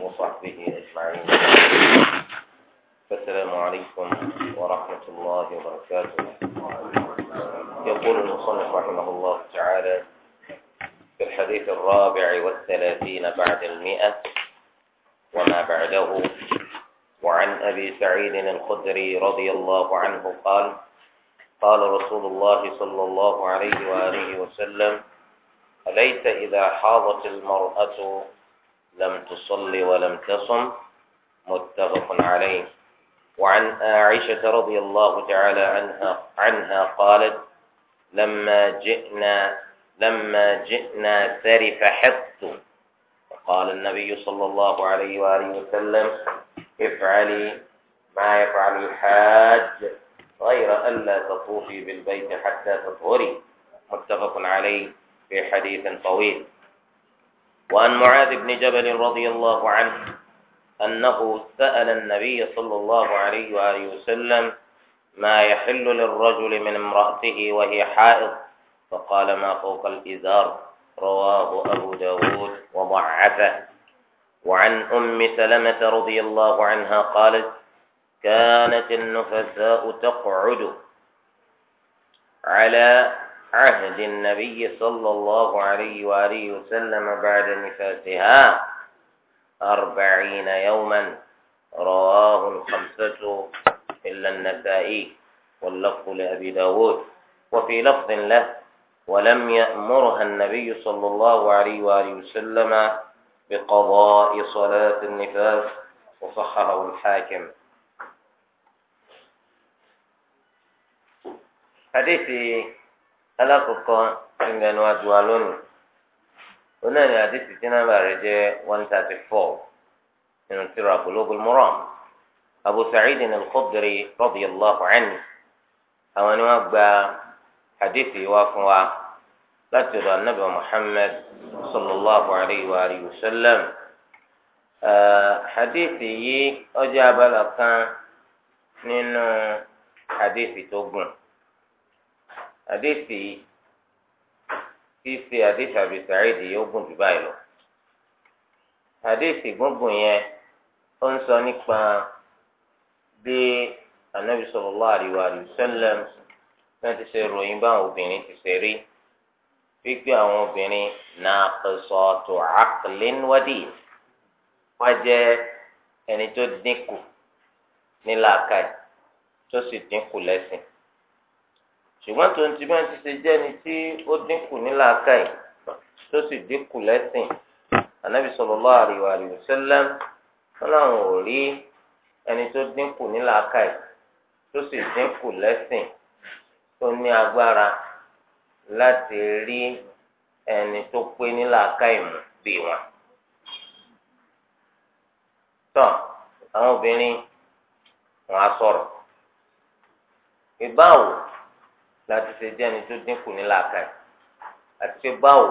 وصحبه أجمعين السلام عليكم ورحمة الله وبركاته يقول المصنف رحمه الله تعالى في الحديث الرابع والثلاثين بعد المئة وما بعده وعن أبي سعيد الخدري رضي الله عنه قال قال رسول الله صلى الله عليه وآله وسلم أليس إذا حاضت المرأة لم تصلي ولم تصم متفق عليه وعن عائشة رضي الله تعالى عنها عنها قالت لما جئنا لما جئنا سرف حط فقال النبي صلى الله عليه وآله وسلم افعلي ما يفعل الحاج غير ألا تطوفي بالبيت حتى تطهري متفق عليه في حديث طويل وعن معاذ بن جبل رضي الله عنه أنه سأل النبي صلى الله عليه وآله وسلم ما يحل للرجل من امرأته وهي حائض فقال ما فوق الإزار رواه أبو داود وضعفه وعن أم سلمة رضي الله عنها قالت كانت النفساء تقعد على عهد النبي صلى الله عليه وآله وسلم بعد نفاسها أربعين يوما رواه الخمسة إلا النسائي واللفظ لأبي داود وفي لفظ له ولم يأمرها النبي صلى الله عليه وآله وسلم بقضاء صلاة النفاس وصححه الحاكم حديثي alákọ̀ọ́kọ́ ìgbẹ́nu àdúrà lónìí onáni àdìsí tí nàbà rẹ̀ jẹ́ one thirty four nínú tírà Bulugul Maram Abu Sa'id al-Khudri radiyallahu anhu àwọn ni wọ́n gba àdìsí wa fún wa láti ọ̀dọ̀ anábì Muhammad sallallahu alayhi wa alihi wa sallam àdìsí yìí ó abala kan nínú àdìsí tó gùn àdéhìsì fífi àdéhìsì àbísàrídì yóò gùn jù báyìí lọ àdéhìsì gúngùn yẹn ó ń sọ nípa bí anabi sallallahu alaihi wa sallam náà ti ṣe ròyìn báwọn obìnrin ti ṣe rí wípé àwọn obìnrin naqisatu aqlin wa din wọ́n jẹ́ ẹni tó dínkù ní tó sì dínkù lẹ́sìn ṣùgbọ́n tó ń ti máa ti ṣe jẹ́ ni tí ó dínkù nílàákàyè tó sì dínkù lẹ́sìn ànábì sallallahu alaihi wa sallam wọn làwọn ò rí ẹni tó dínkù nílàákàyè tó sì dínkù lẹ́sìn tó ní agbára láti rí ẹni tó pé nílàákàyè mú bí wọn. tọ́ àwọn obìnrin wọn á sọ̀rọ̀ ìbáwò láti ṣe jẹ́ni tó dínkù ní làákàyè àti pé báwo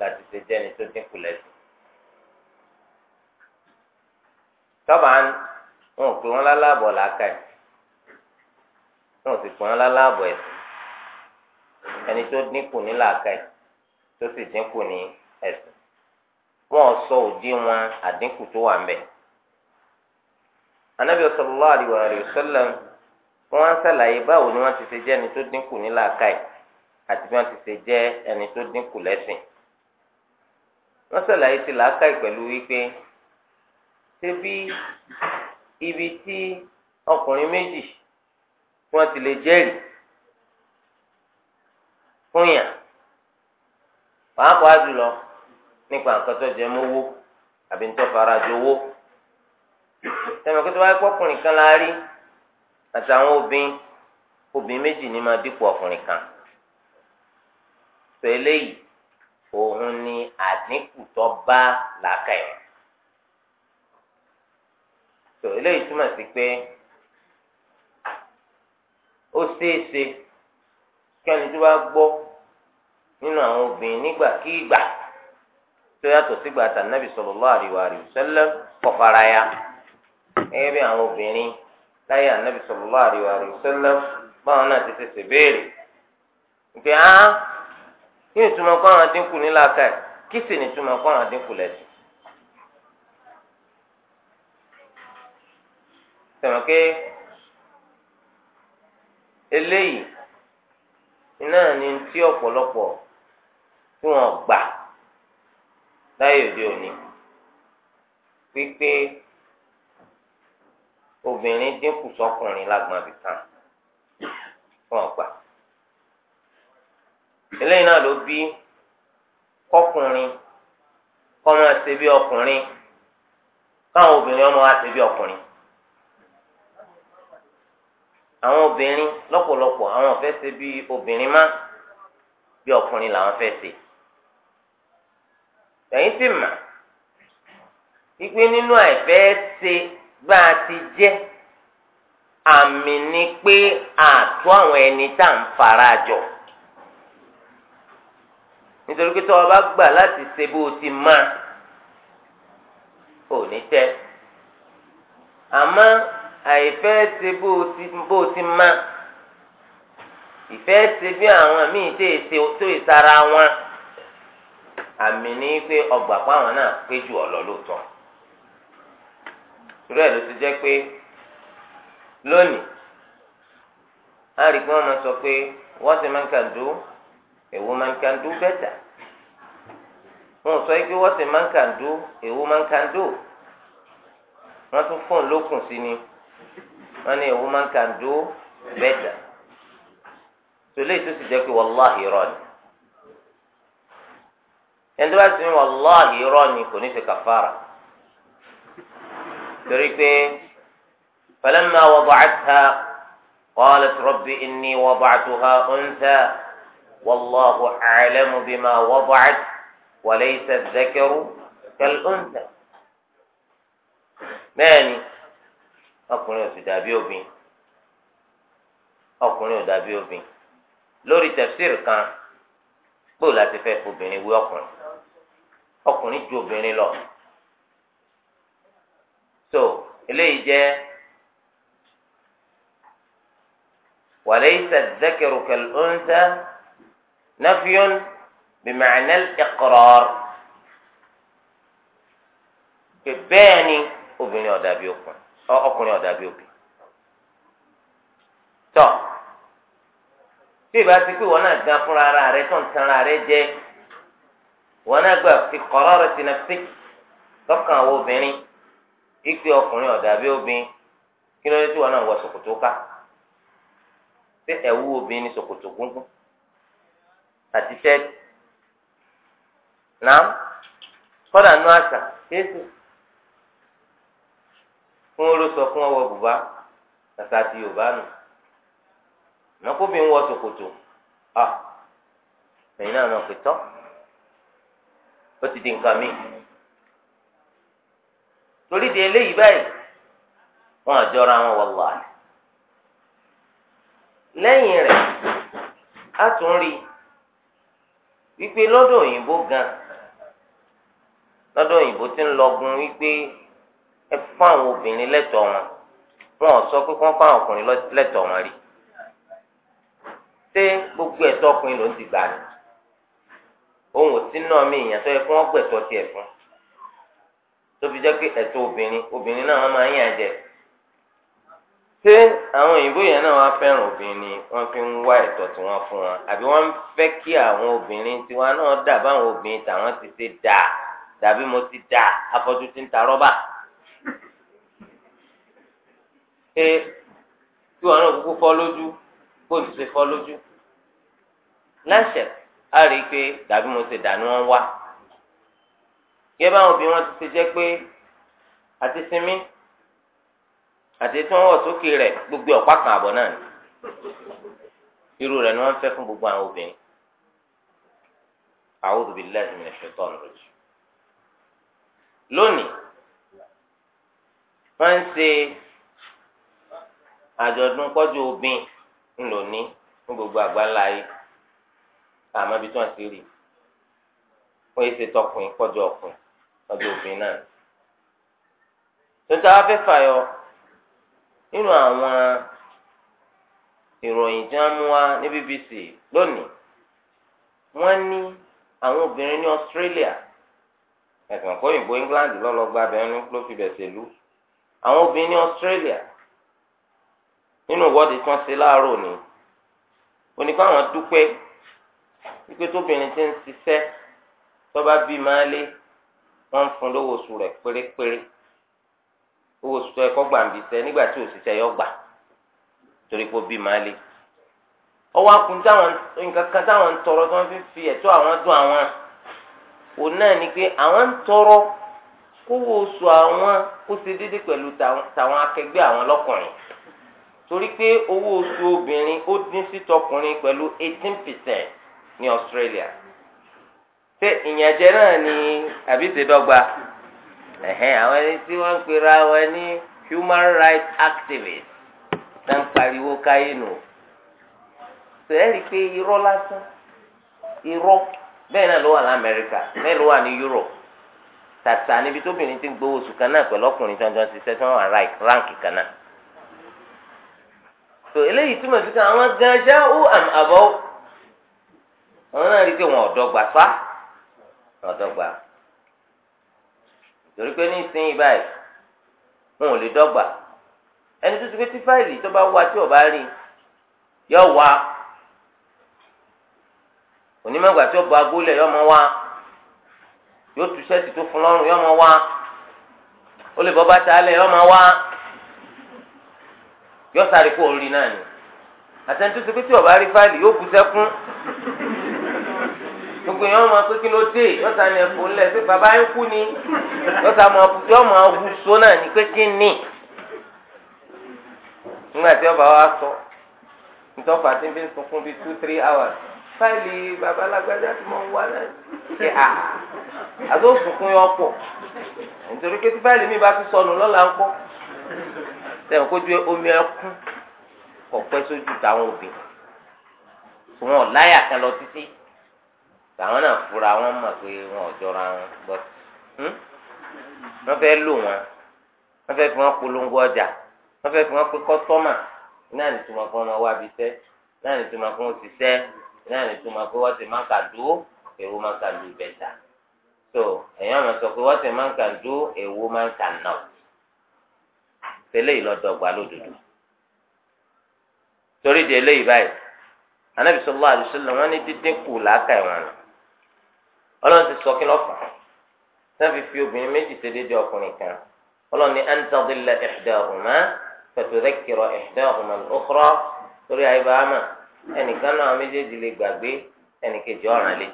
láti ṣe jẹ́ni tó dínkù lẹ́sìn. tọ́ba ń wọn ò pè wọ́n lálábọ̀ làákàyè wọn ò sì pè wọ́n lálábọ̀ ẹ̀sìn ẹni tó dínkù ní làákàyè tó sì dínkù ní ẹ̀sìn wọn ò sọ òdiwọ̀n àdínkù tó wà ń bẹ̀. anábìyọ̀ sallallahu alaihi wa wọn á ṣàlàyé báwo ni wọn ti ṣe jẹ́ ẹni tó dínkù ní làákàyè àti bí wọn ti ṣe jẹ́ ẹni tó dínkù lẹ́sìn wọn ṣàlàyé ti làákàyè pẹ̀lú wípé ṣé bí ibi tí ọkùnrin méjì tí wọn ti lè jẹ́rìí fún pàápàá jùlọ nípa nǹkan tó jẹ mọ́wó àbí ń farajọ owó tẹmẹkẹtọ wáyé pọkùnrin kan la àtàwọn obìnrin obìnrin méjì ni máa dípò ọkùnrin kan sọ eléyìí òun ni àdínkù tó bá làákà ẹ̀ eléyìí túmọ̀ sí pé ó ṣeéṣe kí ẹni tó bá gbọ́ nínú àwọn obìnrin nígbàkigbà tó yàtọ̀ sígbà kọfara ya gẹ́gẹ́ bí àwọn láyé ànábì sallallahu alaihi wasallam báwọn náà ti tẹsẹ̀ béèrè ìpè á kí ni túmọ̀ kọ́ àwọn adínkù nílá ká ẹ̀ kí sì ni túmọ̀ kọ́ àwọn adínkù lẹ́sìn. sọ̀rọ̀ pé eléyìí iná ni tí ọ̀pọ̀lọpọ̀ tí wọ́n gbà láyé òde òní pípé obìnrin dínkù sọkùnrin lágbọn abìkan fún ọgbà eléyìí náà ló bí kọkùnrin kọ́ máa ṣe bí ọkùnrin káwọn obìnrin ọmọ wa ṣe bí ọkùnrin àwọn obìnrin lọ́pọ̀lọpọ̀ àwọn fẹ́ ṣe bí obìnrin má bí ọkùnrin làwọn fẹ́ ṣe ẹ̀yin sì mà wípé nínú àìfẹ́ ṣe bá a ti je àmì ni pé àtú àwọn ẹni tá à ń fara jọ nítorí pé tó o bá gbà láti ṣe bó o ti máa ò ní tẹ́ àmọ́ àìfẹ́ ṣe o ti bó o ti máa ìfẹ́ ṣe bí àwọn míì tó èsè tó ìsara wọn àmì ni pé ọgbà pa àwọn náà péjú ọ lọ lóòótọ́. torí ẹ̀ ló ti jẹ́ pé lónìí á rí i pé wọ́n máa sọ pé what a man can do a woman can do better wọn sọ pé what a man can do a woman can do wọ́n tún fóun lókun sí ni wọ́n ní a woman can do better tòlé tó sì jẹ́ pé wàláhì irọ́ ni ẹni tó bá ti ní wàláhì irọ́ ni kò ní ṣe kàfàrà torí pé falamma wada'atha qalat rabbi inni wada'tuha untha wallahu a'lamu bima wada'at wa laysa adh-dhakaru kal-untha bẹ́ẹ̀ ni ọkùnrin ò sì dàbí obìn ọkùnrin ò dàbí obìn lórí tẹ̀síìrì kan kpọ́ láti fẹ́ obìnrin wí ọkùnrin ọkùnrin ju obìnrin lọ so eléyìí jẹ́ wàlẹ́yìísà dẹ́kẹ̀rù kẹlẹ́ńsà nàfíọ́n bìmọ̀ọ́nẹ́l ẹ̀kọ́rọ́r pé bẹ́ẹ̀ ni obìnrin ọ̀dà bí ọkùnrin ọkùnrin ọ̀dà bí obìnrin tọ́ tí ìbá ti pé wọn náà gan fúnra ara rẹ tó ń tan ara rẹ jẹ wọn náà gbà fi kọ́rọ́rọ́ ti nà fi tọ́kàn àwọn obìnrin ìpè ọkùnrin ọ̀dà bí obìnrin kí ló dé tí wọn náà wọ ṣòkòtò ká pé ẹ̀wù obìnrin ní ṣòkòtò gúngún àti tẹ́ẹ̀tì náà kọ́dà nú àṣà kéésì fún olóṣọ fún ọwọ́ bùbá tàtà ti yorùbá nù nàkóbìnrin wọ ṣòkòtò à ẹ̀yin náà nà pé ó ti di nǹkan míì torí di eléyìí báyìí wọn àjọra wọn wàlláhì lẹ́yìn rẹ̀ a tún rí wípé lọ́dọ̀ òyìnbó gan lọ́dọ̀ òyìnbó ti ń lọgun wípé ẹ fáwọn obìnrin lẹ́tọ̀ọ́ wọn wọn ò sọ pé kí wọ́n fáwọn ọkùnrin lẹ́tọ̀ọ́ wọn rí ṣé gbogbo ẹ̀tọ́ ọkùnrin ló ń ti gbà ní ohun ò sí náà mi ìyàn tó yẹ kí wọ́n gbẹ̀tọ́ tiẹ̀ fún un tóbi jẹ́ pé ẹ̀tọ́ obìnrin obìnrin náà wọ́n máa ń yàn jẹ ṣé àwọn òyìnbó yẹn náà wọ́n fẹ́ràn obìnrin ni wọ́n fi ń wá ẹ̀tọ́ tí wọ́n fún wọn àbí wọ́n fẹ́ kí àwọn obìnrin tiwọn náà dà báwọn obìnrin tàwọn ti ṣe dà dàbí mo ti dà afọ́jú ti ń ta rọ́bà ṣé tí wọ́n náà kúkú fọ́ lójú kó o ti ṣe fọ́ lójú láṣẹ á rí i pé dàbí mo ti dà ni wọ́n wá gẹ́gẹ́ báwọn òbí wọn ti ṣe jẹ́ pé àti sinmi àti tí wọ́n wọ̀ sókè rẹ̀ gbogbo ọ̀pá kan àbọ̀ náà ni irú rẹ̀ ni wọ́n fẹ́ fún gbogbo àwọn obìnrin a'udhu billahi minash shaitanir rajim lónìí wọ́n ń ṣe àjọ̀dún pọ́jú obìn ńlòní fún gbogbo àgbáńlá àmọ́ ibi tí wọ́n ti rí wọ́n yìí ṣe tọkùnrin pọ́jú ọkùnrin ọjọ́ òfin náà tuntun afẹ́ fàyọ nínú àwọn ìròyìn tí wọ́n mú wá ní BBC lónìí wọ́n ní àwọn obìnrin ní Australia ẹ̀sìn ọ̀pọ̀ òyìnbó England lọ́lọ́gba abẹ́rẹ́ ló fi bẹ̀sẹ̀ lú àwọn obìnrin ní Australia nínú ìwọ́de tí wọ́n ṣe láàárọ̀ ni oníkó àwọn dúpẹ́ wípé tóbìnrin ti ń ṣiṣẹ́ tó bá bí máa lé wọ́n fún lówó oṣù rẹ̀ pérépéré owó oṣù tó ẹ̀kọ́ gbà ń bí sẹ́ nígbà tí òṣìṣẹ́ yọ gbà torí pé ó bí màá le ọwọ́ akun táwọn nǹkan kan táwọn ń tọrọ tí wọ́n fi fi ẹ̀tọ́ àwọn dún àwọn òun náà ni pé àwọn ń tọrọ kówó oṣù àwọn kó ṣe déédéé pẹ̀lú tàwọn akẹgbẹ́ àwọn lọ́kùnrin torí pé owó oṣù obìnrin ó dín sí tọkùnrin pẹ̀lú eighteen percent ní Australia ṣé ìyànjẹ náà ni àbí ẹ̀hẹ́n àwọn ẹni tí wọ́n ń human rights activists náà ń pariwo káyé nù sẹ́ẹ̀rì pé irọ́ lásán irọ́ bẹ́ẹ̀ náà ló wà ní Amẹ́ríkà bẹ́ẹ̀ ló wà ní Europe tàtà níbi ti ń gbowó oṣù kan náà pẹ̀lú ọkùnrin tí wọ́n jọ tí wọ́n wà ráǹkì kan náà tò eléyìí túmọ̀ sí àwọn gan ṣáà ó wọn ò dọ́gba fa. ọ̀dọ́gba torí pé nísìnyí báyìí wọn ò lè dọ́gba ẹni tó ti pé tí fáìlì tó bá wá tí ò bá rí yọ wá onímọ̀gbà tí ó bọ agbólẹ̀ yọ mọ wá yóò tu sẹ́ẹ̀tì tó fún lọ́rùn yọ mọ wá ó lè bọ́ bàtà alẹ̀ yọ mọ wá yọ sáré kó o rí náà ni àtẹnudọ́sọ pé tí ò bá rí fáìlì yóò bu sẹ́kún gbogbo yẹn wọn máa pé kí ló dé yọta ni ẹfọ ńlẹ pé bàbá yín kú ni yọta máa yọ máa hu so náà ní pé kí ni nígbà tí ọba wa sọ ntọ́fà tí ń fi sunkún bíi two three hours fáìlì bàbá alágbájá tí mo ń wá náà ṣe à àti òsùnkún yọ pọ̀ nítorí pé tí fáìlì mi bá ti sọnù lọ́la ń kọ́ sẹ́yìn kójú omi ẹkún kọ̀pẹ́ sójú táwọn òbí wọn láyà kan lọ títí làwọn náà fura wọn mọ̀ pé wọn ò jọra wọn gbọ́ hmm? wọ́n fẹ́ lò wọn wọ́n fẹ́ fi wọn polongo ọjà wọ́n fẹ́ fi wọn pe kọ́sọ́mà náà ní tuma fún wọn wá bi sẹ́ náà ní tuma fún wọn náà ní tuma pé wọ́n ti máa kà dúró èwo máa kà lu ìbẹ̀ta so èèyàn máa sọ pé wọ́n ti máa kà dúró èwo máa kà nà tẹ́lẹ̀ ìlọ́dọ̀gba lódodo torí di eléyìí báyìí anabi sallallahu alaihi wasallam wọn ní dídín kù làákà ìwọn nù ọlọ́run ti sọ kí ló fà náà fi fi obìnrin méjì ṣe déédéé ọkùnrin kan ọlọ́run ní antadilla ihdahuma fatudhakkira ihdahuma al-ukhra torí àyíbáhámà ẹnìkan náà méjèèjì lè gbàgbé ẹnìkejì ọ̀ràn lè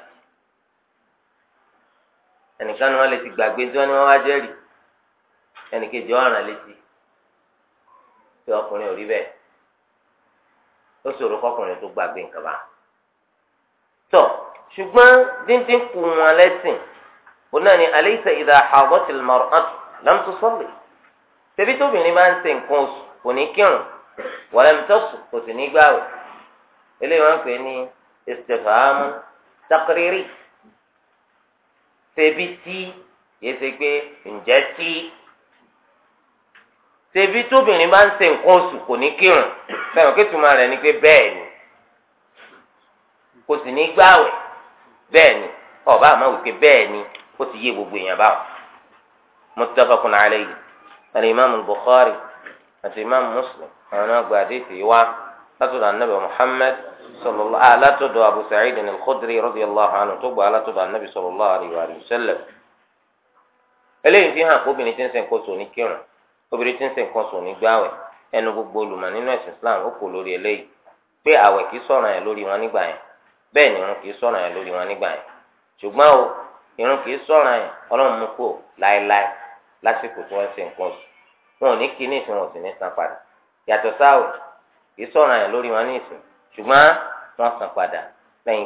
ẹnìkan náà lè ti gbàgbé tí wọ́n ní wọ́n wá jẹ́rìí ẹnìkejì ọ̀ràn lè ti tí ọkùnrin ò rí bẹ́ẹ̀ ó ṣòro kọkùnrin tó gbàgbé nǹkan báà ṣùgbọ́n díndín kù wọn lẹ́sìn òun náà ni alaysa idha hadatil mar'atu lam tusalli tẹbi tóbìnrin máa ń ṣe nǹkan oṣù kò ní kírun walam tasum kò sì ní gbààwẹ̀ eléyìí wọn pè ní istifhamu taqriri tẹbi tí yẹsẹ pé ǹjẹ́ tí tẹbi tóbìnrin máa ń ṣe nǹkan oṣù kò ní kírun fẹ́ràn kí tuma rẹ̀ ni pé bẹ́ẹ̀ ni kò sì ní gbààwẹ̀ bẹ́ẹ̀ ni ọba àmọ́ wípé bẹ́ẹ̀ ni ó ti yé gbogbo èèyàn báwọn muttafaqun alayhi alimami bukhari àti imam muslim àwọn náà gba àdéhìí wá látọ̀dọ̀ anabi muhammad sallallahu alátọ̀dọ̀ abu sa'id al-khudri radiyallahu anhu tó gba alátọ̀dọ̀ anabi sallallahu alayhi wa sallam eléyìí fi hàn kóbìnrin tí ń sìn kó sùn kírun obìnrin tí ń sìn kó sùn ní ẹnu gbogbo olùmọ̀ nínú ẹ̀sìn islam ó kò lórí eléyìí pé àwẹ̀ kì í sọ̀ràn ẹ̀ lórí wọn nígbà yẹn bẹ́ẹ̀ ni irun kì í sọ̀rọ̀ yẹn lórí wọn nígbà yẹn ṣùgbọ́n o irun kì í sọ̀rọ̀ yẹn ọlọ́run mú kó láéláé lásìkò tí wọ́n ṣe nǹkan oṣù wọn ò ní kí ní ìsìn wọn sì ní san padà yàtọ̀ kì í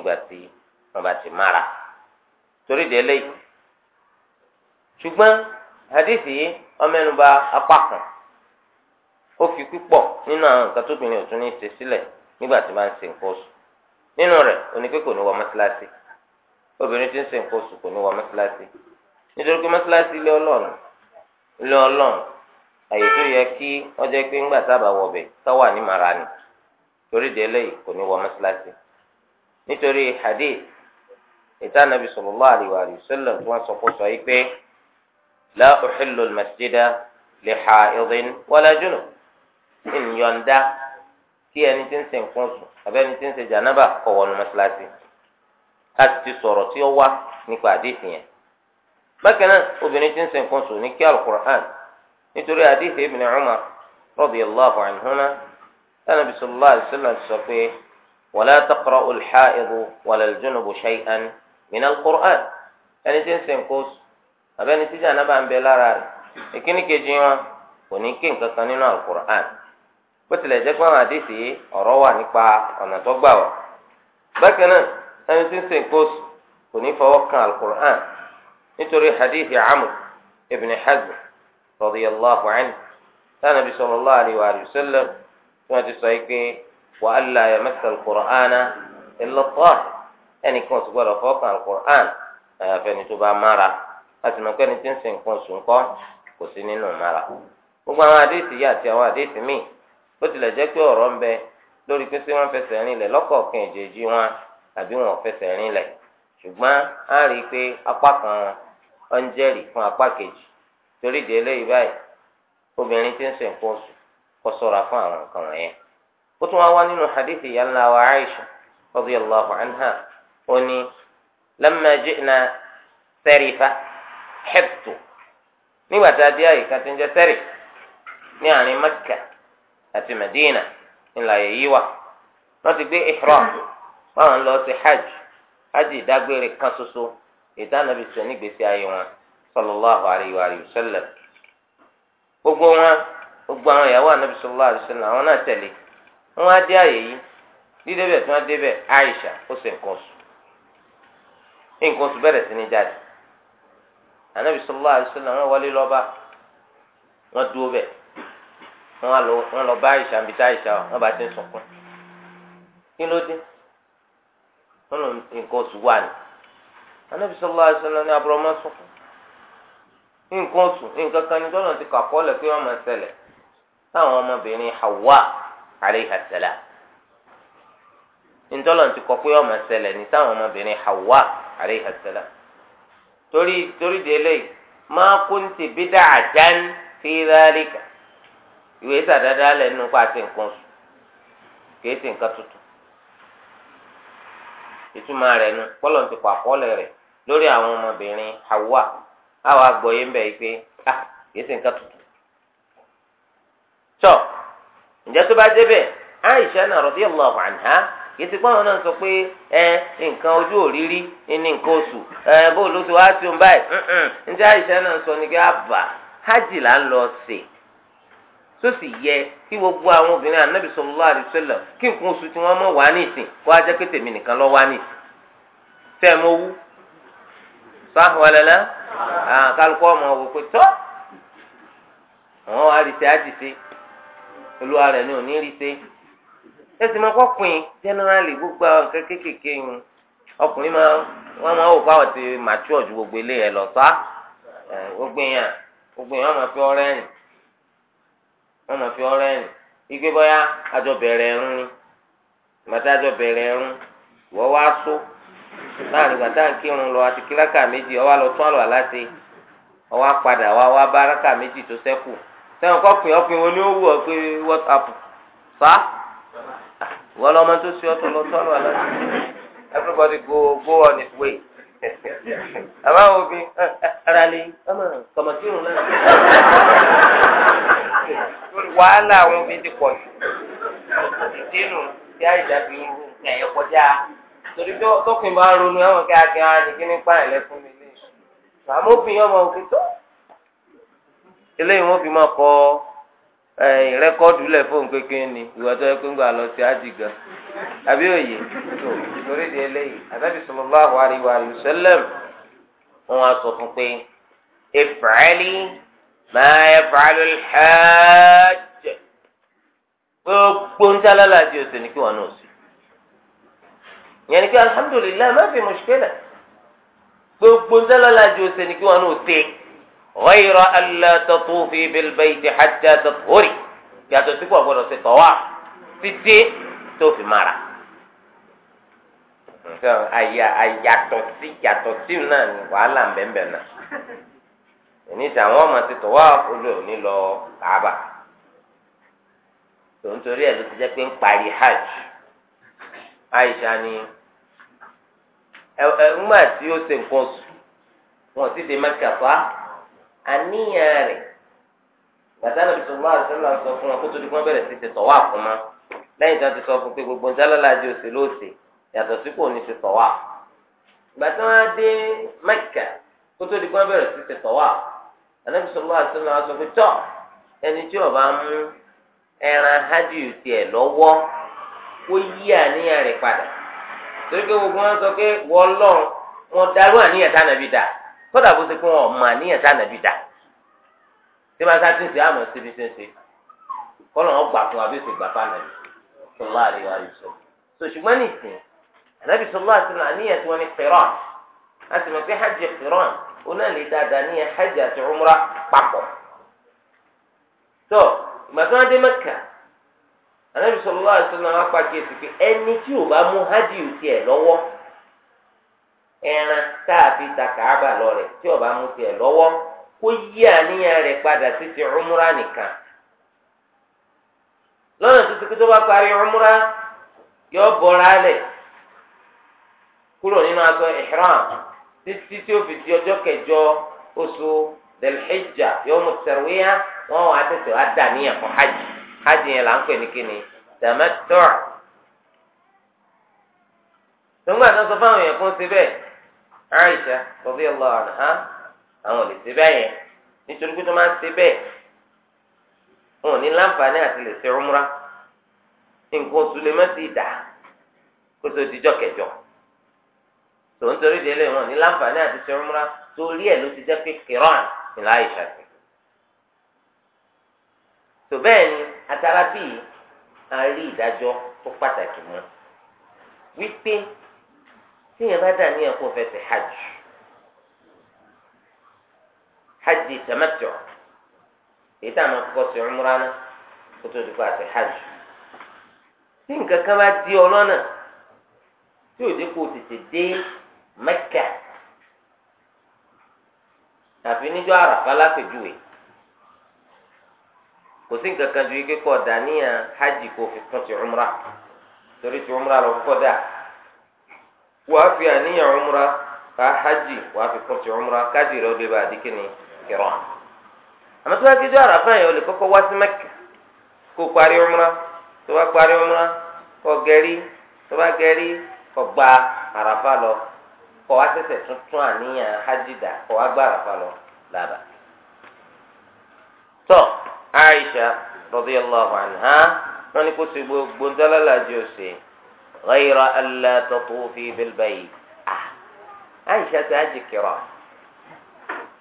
yẹn ti mára torí délé yìí ṣùgbọ́n hadithi yìí apá kan ó fi pípọ̀ nínú àwọn nǹkan nínú rẹ̀ onípé kò ní wọ mọ́sálásí obìnrin tí ń ṣe nǹkan kò ní wọ mọ́sálásí nítorí pé mọ́sálásí ilé ọlọ́run ilé ọlọ́run àyè tó yẹ kí ọjọ́ pé ńgbà sábà sáwà ní màrà ni torí délé yìí kò ní wọ mọ́sálásí nítorí hadith ìta nàbì sallallahu alaihi wa tí wọ́n sọ kó masjida wala kí ẹni tí ń ṣe nǹkan oṣù àbẹ́ ẹni tí ń ṣe jànábà kọ̀ wọnú mọ́ṣáláṣí láti ti sọ̀rọ̀ nnkan alukur'an nítorí àdéhì ibìnrin ọmọ rọ́bì aláàfọ̀ àìníhùnà sani bisalòláà eni wá nípa àdéhì yẹn. bákan náà obìnrin tí ń ṣe nǹkan oṣù sun ni kí alukur'an nítorí àdéhì ibn Umar radiyallahu anhuma tánàbí sallallahu alaihi wasallam sọ pé wala taqra'u al-ha'idu wala al-junubu shay'an min al-Qur'an ẹni tí ń ṣe nǹkan sun abi ẹni tí jànábà ń bẹ lára rẹ̀ ìkíní kejì wọn kò ní kí nǹkan kan nínú alukur'an. bó tilẹ̀ jẹ́ pé àwọn àdéhìí ọ̀rọ̀ wà nípa ọ̀nà tó gbà wọ̀ bákan náà ẹni tí ń sìn kóòsù kò ní fọwọ́ kan alukur'an nítorí hadithi amr ibn hazm radiyallahu anhu sanni bi sallallahu alayhi wa sallam tí wọ́n ti sọ yìí pé wa alla yamassa alukur'ana illa tahir ẹnì kan sì gbọ́dọ̀ fọwọ́ kan alukur'an àyàfẹ́ni tó bá mára láti mọ̀ pé ẹni tí ń sìn kóòsù ńkọ́ kò sí nínú mára gbogbo àwọn àdéhìí àti bó tilẹ̀ jẹ́ pé ọ̀rọ̀ ń bẹ lórí pé wọn wọ́n fẹsẹ̀ rìn lẹ̀ lọ́kọ̀ọ̀kan ìjèjì wọn àbí wọn fẹsẹ̀ rìn lẹ̀ ṣùgbọ́n á rí i pé apá kan ọ ń jẹ́rìí fún apá kejì torí ìdí eléyìí báyìí obìnrin ti ń ṣe nǹkan oṣù kó ṣọ́ra fún àwọn nǹkan wọ̀nyẹn ó tún wá wá nínú hadith ìyá ńlá wa Aisha radiyallahu anha ó ní lamma ji'na Sarifa hibtu nígbà tá a dé àyíká ti ń jẹ́ ní àárín Mẹ́kà àti Medina ńlá yìí wà wọ́n ti gbé ihram lọ sí hajj hajj ìdágbére kan sọ ayé wọn sallallahu alayhi wa sallam gbogbo wọn gbogbo àwọn ìyàwó anabi sallallahu alayhi wa sallam àwọn náà wọn á dé yìí tí Aisha ó sì nǹkan oṣù bẹ̀rẹ̀ sí ní jáde anabi sallallahu alayhi wa sallam wọn wọlé lọ́ba wọn dúró bẹ́ẹ̀. wọn lọ wọn lọ bá àyíṣà bíi táyíṣà wọn bá ti ń sunkún kí ló dé wọn lọ nǹkan oṣù wà ní anabi sọlá àṣẹlẹ ní abúlé ọmọ sunkún nǹkan oṣù nǹkan kan ní tọ́lọ̀ ti kà kọ́lẹ̀ pé wọ́n máa ṣẹlẹ̀ táwọn ọmọbìnrin Hawa alayha salam ntọ́lọ̀ ti kọ́ pé wọ́n máa ṣẹlẹ̀ ní táwọn ọmọbìnrin Hawa alayha salam torí torí de eléyìí ma kunti bid'atan fi dhalika. ìwé sàdáda adada nínú pa àti nǹkan oṣù kìí tutu nǹkan tuntun ìtumọ̀ rẹ̀ nu pọ́lọ̀ ti pa rẹ̀ lórí àwọn ọmọbìnrin Hawa àwọn agbọ̀yé ń bẹ̀ yìí pé ah kìí nǹkan tuntun. tọ́ ǹjẹ́ tó bá débẹ̀ Aisha náà anha yìí ti pọ́n náà sọ pé ẹ nǹkan ojú òrírí ní nǹkan oṣù ẹ ti wá sí òun báyìí ǹjẹ́ Aisha náà sọ ni hajj là ń tó sì yẹ kí gbogbo àwọn obìnrin anabi sallallahu alaihi wasallam kí nǹkan oṣù tí wọn mọ wà ní ìsìn kó ajẹ pé tèmi nìkan lọ wà ní ìsìn tẹ mọ wú sáhùn ẹlẹlẹ kálukọ ọmọ wò pé tọ àwọn àrìsẹ àjìsẹ olúwa rẹ ní òní rìsẹ ẹsìn máa kọkùnrin jẹnẹrálì gbogbo àwọn nǹkan kéékèèké yìí ọkùnrin máa wọn máa wò fáwọn ti màtúọ̀ ju gbogbo eléyẹ lọ sá gbogbo èèyàn gbogbo èèyàn máa fi ọrẹ rìn. wọn mọ fi ọrẹ ẹni igbe bọyá àjọ bẹ̀rẹ̀ ẹrún ni bàtà àjọ bẹ̀rẹ̀ ẹrún wọ wá só láàrin bàtà ń lọ àti kíláka méjì ọwọ àlọ tún àlọ àláṣe ọwọ àpadà wá wá bá ráka méjì tó ṣẹ́kù sẹ́wọ̀n wọn ni ó fa wọ́n lọ́mọ tó ọ́ tó àbá wo bi ara lè kọmọtìrún náà wàhálà àwọn obìnrin ti pọ̀ jù ìdínú tí àìjà fi ń ẹ̀yẹ kọjá torí tókùn bá ronú ẹ̀wọ̀n kí akin ní kíní pa ẹ̀lẹ́ fún mi àmọ́ obìnrin ọmọ òkè tó eléyìí wọ́n fi máa kọ́ ọ. ẹyìn rẹkọọdù lẹ fóun kékeré ni ìwà tó yẹ pé ń gbà lọ sí ájì gan àbí òye tó torí di eléyìí àtàbí sallallahu alaihi wa sallam wọn á sọ fún pé ìfàálì máa ẹfàálù hajj gbogbo ń tálá láti oṣù ní kí wọn náà sí yẹn ni pé alhamdulilayi má fi mùsùlùmí gbogbo ń tálá láti oṣù ní kí wọn náà sí ghayra alla tatufi bil bayti hatta tathuri yàtọ̀ sí pọ̀ gbọ́dọ̀ ṣe tawaf títí tó fi mara nǹkan àyà àyàtọ̀ sí yàtọ̀ sí náà ni wàhálà ń bẹ̀ẹ̀ náà èmi tí àwọn ọmọ ti tawaf olú òní lọ Kaaba tó ń torí ẹ̀ ló ti jẹ́ pé ń parí hajj Aisha ni ẹ ẹ ńgbà tí ó ṣe nǹkan sùn wọn ò sì dé àníyàn rẹ̀ gbàtà nàbí sọlá àṣẹlá sọ fún wọn kó tó di fún bẹ̀rẹ̀ sí ti tọwọ àkúmá lẹ́yìn tí wọn ti sọ fún pé gbogbo ńsálàlájì òsè lóòsè yàtọ̀ sí kò ní ti tọwọ gbàtà wọn dé Mẹ́kà kó tó di fún bẹ̀rẹ̀ sí ti tọwọ ànábì sọlá àṣẹlá sọ fún tọ ẹni tí ó bá mú ẹran hajj tiẹ̀ lọ́wọ́ kó yí àníyàn rẹ̀ padà torí pé gbogbo wọn sọ pé wọlọ wọn darú àníyàn tánàbí dáa kódà bó ṣe pé wọn mọ àníyàn tá ànábì dá tí wọn sá ti ń ṣe àmọ́ síbi tí ń ṣe kọlọ wọn gbà fún wa bí ó ṣe gbà fún ànábì sọlá àríwá yìí sọ so ṣùgbọ́n ní ìsìn ànábì sọlá àti àníyàn tí wọn ní fẹràn láti mọ̀ pé hajj fẹràn ó náà lè dáadáa ní hajj àti umra papọ̀ tó ìgbà tí wọn dé Mẹ́kà ànábì sọlá àti sọlá wọn pa pé ẹni tí ò bá mú hajj ò tiẹ̀ lọ́wọ́. ẹran tá a fi ta kàába lọ rẹ tí ọba mú tiẹ̀ lọ́wọ́ kó yí àníyàn rẹ padà sí ti ọmúra nìkan lọ́nà tó kí tó bá parí ọmúra yọ bọ́ra lẹ̀ kúrò nínú aṣọ ihram títí tí ó fi di kẹjọ oṣù delhijja yawmu wọn wà á dà níyàn fún Aisha radiyallahu anha àwọn lè ṣe bẹ́ẹ̀ yẹn nítorí pé tó máa ń ṣe bẹ́ẹ̀ wọn ò ní láǹfààní àti lè ṣe nǹkan oṣù lè má ti dà kó tó dijọ́ kẹjọ tó ń torí délé wọn ò ní láǹfààní àti ṣe torí ẹ̀ atara a rí ìdájọ́ tó pàtàkì mọ́ wípé. tí yẹn bá dà ní ẹ̀kọ́ fẹsẹ̀ hajj hajj tamattu èyí tá a máa kọ́kọ́ sí umra náà kó tó di pa hajj tí nǹkan kan bá di ọ lọ́nà tí ò dé kó tètè dé Mẹ́kà àfi níjọ́ àràfà lápèjúwe kò sí nǹkan kan ju ikú kọ̀ dà hajj kó fi umra torí lọ dà. wàá fi àníyàn umra ká hajj wàá fi kún sí umra kájì rẹ ó lè bá àdínkì ní kẹrọ àmọ́ tó bá kíjọ àràfà yẹn o lè kọ́kọ́ wá sí mẹkà kó parí umra tó bá parí umra kó gẹrí tó bá gẹrí gba Aisha wọn ni kó gbogbo làjọ ṣe. غير ألا تطوفي بالبيت آه. عائشة تاجي كرام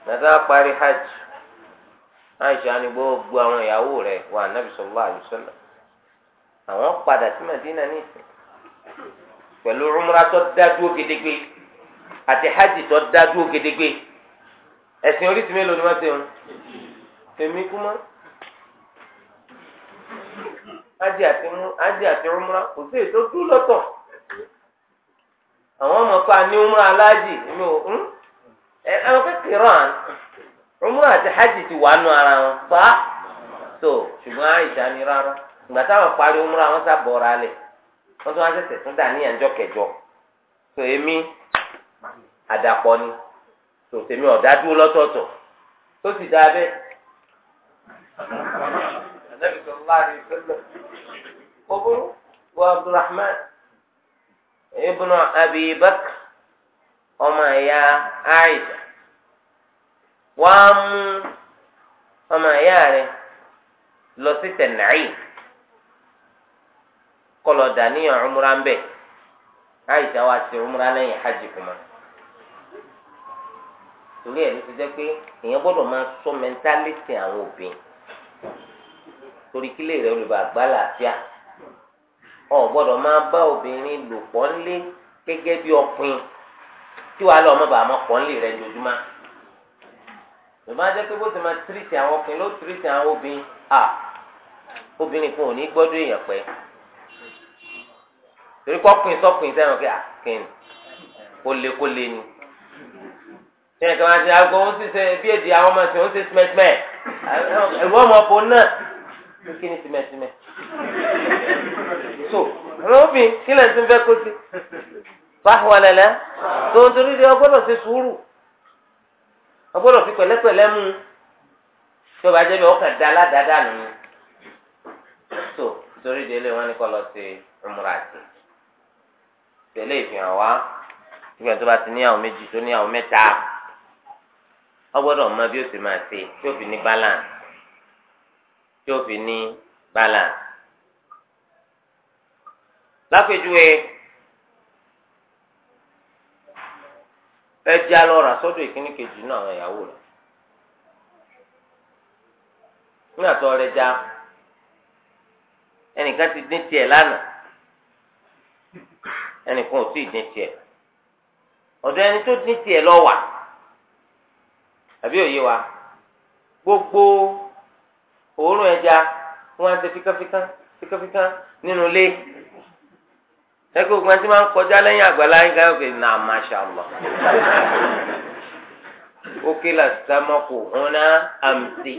nàdá parí hajj Aisha ni gbogbo àwọn ìyàwó rẹ̀ wà nàbì sallallahu alaihi wasallam àwọn padà sí Madina nísìn pẹ̀lú umra tó dájú gédégbé àti hajj tó dájú gédégbé ẹ̀sìn oríṣi mélòó ni wọ́n ti hàn èmi kú mọ́. ájì àti ájì àti rúmúrá kò sí ètò dúró àwọn ọmọ pa ní rúmúrá aláàjì èmi ò hmm? ẹ ẹwọn kékeré hàn rúmúrá àti ti wà nù ara wọn fa tó ṣùgbọ́n àìsàn ni rárá ìgbà táwọn parí rúmúrá wọn sá bọ̀ọ̀rọ̀ alẹ̀ wọn tún wá ṣẹ̀ṣẹ̀ tún àjọ kẹjọ tó èmi ni tó tèmi dúró tó kóbúrú wọ abdulrahman ibnu abi ọmọ ẹ̀yà aisha wa mú ọmọ ẹ̀yà rẹ lọ sí tẹ̀nàì kọlọ dàníyàn umra ń bẹ aisha wa ti umra lẹ́yìn hajj kuma torí ti jẹ́ pé èèyàn gbọdọ máa sọ mẹ́ńtálítì àwọn òbí torí kílè olùbàgbà ọ gbọ́dọ̀ máa bá obìnrin lò pọ̀ ńlé gẹ́gẹ́ bí ọpin tí wàá lọ ọmọ bàá mọ pọ̀ ńlé rẹ lójúmọ́ lọ́mọ ajẹ́ pé bó ti máa tírìtì àwọn ọkùnrin ló tírìtì àwọn obìnrin à obìnrin kan ò ní gbọ́dọ̀ èèyàn pẹ́ torí kọ́kùn sọ́kùn sẹ́wọ̀n kí àkìn kólékólé ni tẹ́lẹ̀ kí wọ́n ti aago ó sì ṣe bí èdè àwọn ọmọ ìsìn ó sì sìmẹ́sìmẹ́ ẹ̀rọ ọmọ ọ̀bọ náà kí ni sìmẹ́sìmẹ́ so lóbìn kí lẹ́yìn tó ń fẹ́ kó sí fáwọn alẹ́lẹ́ tó ń torí di ọgbọ́dọ̀ sí sùúrù ọgbọ́dọ̀ fi pẹ̀lẹ́pẹ̀lẹ́ mú un tí o bá jẹ́ bí ọkàn da aládàáda nù ú so torí di eléyìí wọn ni kọ́ lọ sí umra àti tẹ̀lé ìfihàn wa ìgbà tó bá ti níyàwó méjì tó níyàwó mẹ́ta ọgbọ́dọ̀ mọ bí ó sì máa ṣe tí ó fi ní balance tí ó fi ní balance. lápèjúwe ẹja lọ ra sọ́dọ̀ ìkíní kejì nínú àwọn ìyàwó rẹ̀ nígbà tó ọrẹ já ẹnìkan ti dín tiẹ̀ lánàá ẹnìkan ò tí ì dín tiẹ̀ ọ̀dọ̀ ẹni tó dín tiẹ̀ lọ wà àbí òye wa gbogbo òórùn ẹja wọn á ṣe fíkánfíkán fíkánfíkán nínú ilé. ẹgbẹ́ ogun ẹtí máa ń kọjá àgbàlá yín mashallah. ó ké la sámọ́kù ọ̀nà àmì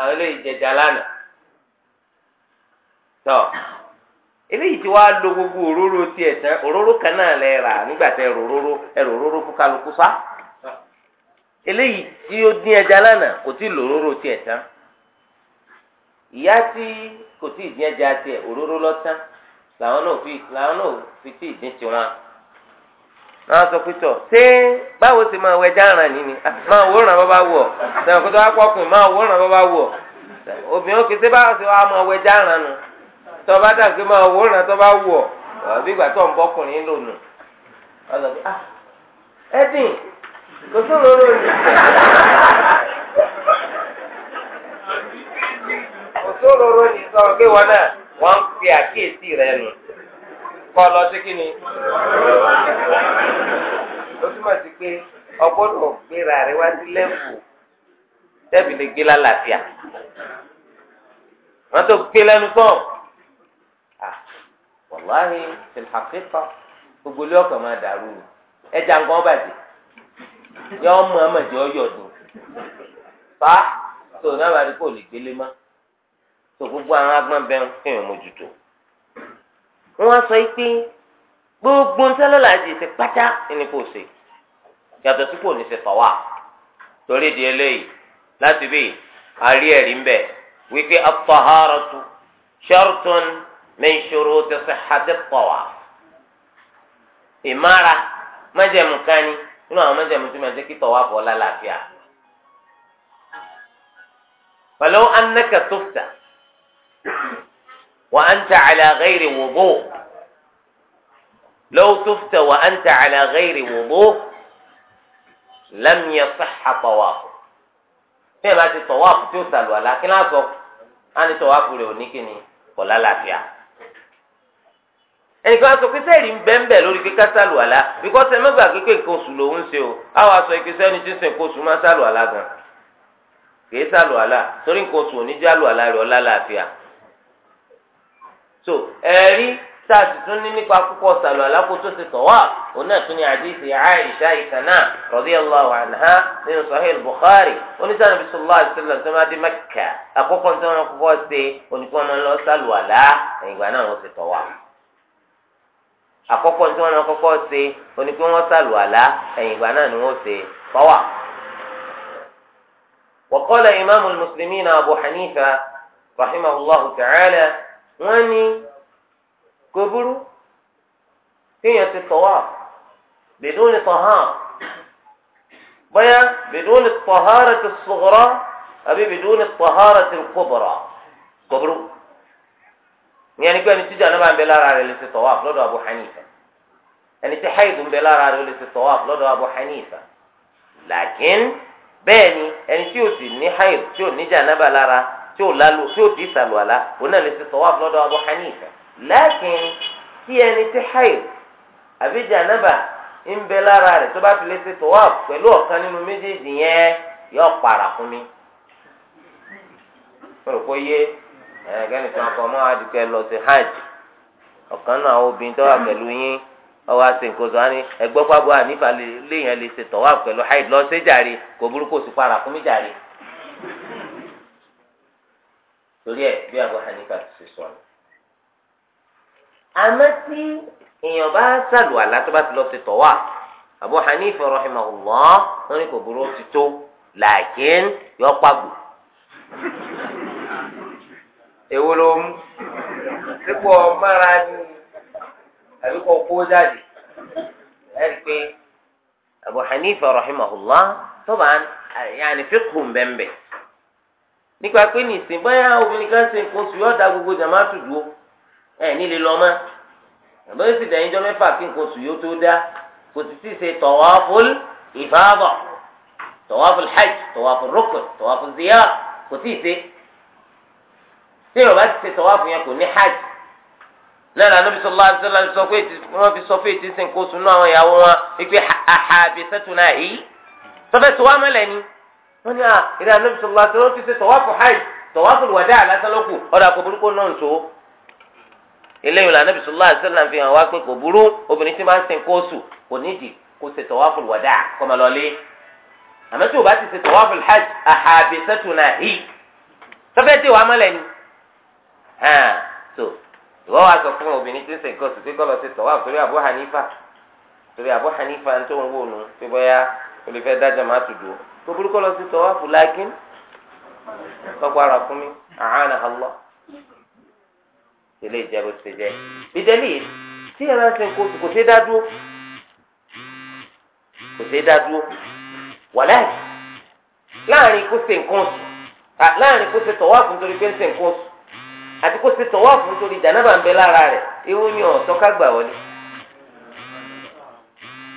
àwọn eléyìí jẹjà lánàá. tọ́ eléyìí tí wàá lo gbogbo òróró tiẹ̀ tán òróró kan náà lẹ rà nígbà tẹ òróró ẹ òróró fún kálukú sá. eléyìí tí ó dín ẹja lánàá kò tí lo òróró tiẹ̀ tán. ìyá tí kò tí ì dín ẹja òróró làwọn náà fi làwọn náà fi tí ìdín tiwọn náà sọ pé tọ ṣé báwo ṣe máa wẹ dáràn ní ni ah, máa wòran bàbá wọ sẹwọn kó tó wá pọkùn máa wòran bàbá wọ obìnrin òkè ṣé báwo ṣe wá máa wẹ dáràn nu tó bá dàgbé máa wòran tó bá wọ bí ìgbà tó ń bọkùnrin lónìí ọlọ bí ah ẹdín kò sóòrò lónìí kò sóòrò lónìí sọ pé ah, wọn náà. wọ́n ń fi àkíyèsí rẹ̀ nù kọ́ lọ sí kí ni. ó túmọ̀ sí pé ọgbọ́dọ̀ gbéra rẹ̀ wá sí lẹ́fù tẹ́bi lè gbé lálàáfíà wọ́n tó gbé lẹ́nu tán wàláhì gbogbo ẹja nǹkan bàjẹ́ yọ ọmọ ọmọ ìjọ fa tó náà bá tó gbogbo àwọn agbọn bẹ ń kéèyàn mójútó wọn sọ pé gbogbo ntẹ́lọ́lá di ti pátá ẹni kò ṣe yàtọ̀ tí kò ní ṣe fàwa torí di eléyìí láti bí àrí ẹ̀rí ń bẹ wípé at-taharatu shartun min shuruti sihhati at-tawaf ìmára májẹ̀mú kan ní nínú àwọn májẹ̀mú tí máa jẹ́ kí lálàáfíà. tufta. وأنت على غير وضوء لو تفت وأنت على غير وضوء لم يصح طوافك tí ẹ bá ti tọ̀wáàpù tí ó sàlù àlá kí náà sọ á ní tọ̀wáàpù rẹ̀ òní kíni kò lálàáfíà. ẹnìkan sọ pé sẹ́ẹ̀rì ń bẹ́ńbẹ́ lórí kíká sàlù àlá bíkọ́ sẹ́ mẹ́gbà pípé nǹkan oṣù lòún ṣe o á wàá sọ pé tí ń sìn nǹkan máa sàlù gan kì í sàlù torí nǹkan oṣù òní jálù àlá rẹ̀ ọ̀lá so ẹ̀rí tá a sì tún ní nípa púpọ̀ sàlù alákòótó ti tọ̀ wá òun náà tún ní àdìsí Aisha ìkànnà radiyallahu anha nínú Sahih Bukhari oníṣàlù bisalòlá àṣìṣẹlẹ tó máa dé Mẹ́kà àkọ́kọ́ tí wọ́n kọ́kọ́ ṣe oníkó máa lọ sàlù àlá ìgbà náà wọ́n ti tọ̀ àkọ́kọ́ tí wọ́n kọ́kọ́ ṣe oníkó wọ́n sàlù àlá ìgbà náà ni wọ́n ṣe tọ̀ wá. وقال إمام المسلمين أبو حنيفة رحمه الله تعالى wọ́n ní kò burú kéèyàn ti sọ wá bẹ̀dún ni tọ̀hán bóyá bẹ̀dún ni tọ̀hárà ti sọ̀rọ̀ àbí bẹ̀dún ni tọ̀hárà ti kóbọ̀rọ̀ kò burú ìyẹn ni bá ń bẹ lára rẹ̀ lè ti soro abi bedun ni re ti koboro ko buru iyen ni pe eni ti ba n lọ́dọ̀ Abu Hanifa ẹni tí haidu ń bẹ lára rẹ̀ lè ti sọ wá lọ́dọ̀ Abu Hanifa làkín bẹ́ẹ̀ ni ẹni tí o sì ní haidu tí o ní bá lára tí ò lálù tí ò dìísà lù àlá òun náà lè ṣe tawaf lọ́dọ̀ Abu Hanifa lẹ́kìn kí ẹni tí haid àbí janaba ń bẹ lára rẹ̀ tó bá fi lè ṣe tawaf pẹ̀lú ọ̀kan nínú méjèèjì yẹn yóò para fún mi. rò pé yé tí hajj ọ̀kan náà àwọn obìnrin tó wà pẹ̀lú yín ọwọ́ àti nǹkan sọ wani ẹgbẹ́ pàbó ànífà lè ṣe pẹ̀lú lọ sí jàre kò para fún mi jàre. torí ẹ bí Abu Hanifa ti ṣe sọ ni. àmọ́ tí èèyàn bá ṣàlùwàlá tó bá ti lọ sí tọ̀wá Abu Hanifa rahimahullah wọn ni kò burú ti tó làákín yọ pàgbò. èwo ló mú dípò mára ni àbí kò kó jáde ẹni pé Abu Hanifa rahimahullah tó bá yàní fíkùn bẹ́ẹ̀ bẹ́ẹ̀ nípa pé nìsín báyà obìnrin kan ṣe nǹkan oṣù yóò da gbogbo jàmáàtù dúró ẹ nílé lọ mọ ẹgbẹ́ yóò sì dẹ̀yìn jọ mẹ́fà kí nǹkan oṣù yóò tó dá kò sì sí ṣe tawaful ifada tawaful hajj tawaful rukn tawaful ziyar kò sì ṣe tí yorùbá ti ṣe tawafu yẹn kò ní hajj náà lànà bí sọlá sọlá sọ pé wọn fi sọ pé ètí ṣe nǹkan oṣù náà àwọn ìyàwó wọn wípé àhàbẹ̀sẹ̀tù náà yìí sọfẹ̀ tó wá mọ́lẹ̀ ni wọ́n ní à ìdá anábì sọ̀rọ̀ láti lọ́ọ́ ti ṣe tọ̀wáfù hajj tọ̀wáfù wàdà lásán ló kù ọ̀dà kò burúkú náà ń so. eléyìí la anábì sọ̀rọ̀ láti sọ̀rọ̀ fi hàn wá pé kò burú obìnrin tí máa ń sin kóòsù kò nídìí kó ṣe tọ̀wáfù wàdà kọ́ máa lọ lé. àmọ́ tí o bá ti ṣe tọ̀wáfù hajj àhàbẹ̀sẹ̀tùnà hì tọ́fẹ́ dé wàá mọ́lẹ̀ ni. ìwọ́ wa sọ fún obìnrin tí ń sin kóòsù pé kọ́ o lè fẹ́ dájà máa tù dùn o burúkú lọ sí tọ́wáfù lákín kọ́kọ́ ara fún mi àhánà Allah tẹ̀lé ìjẹ́ bó ti jẹ́ bídẹ́lì tí ẹ máa ń sin kóòtù kò sí dá dúró kò sí dá dúró wàlẹ́ láàrin kó ṣe nǹkan láàrin kó ṣe tọ́wáfù nítorí pé ń ṣe nǹkan àti kó ṣe tọ́wáfù nítorí ìdánábà ń bẹ lára rẹ̀ ewu ọ̀ tọ́ka gbà wọlé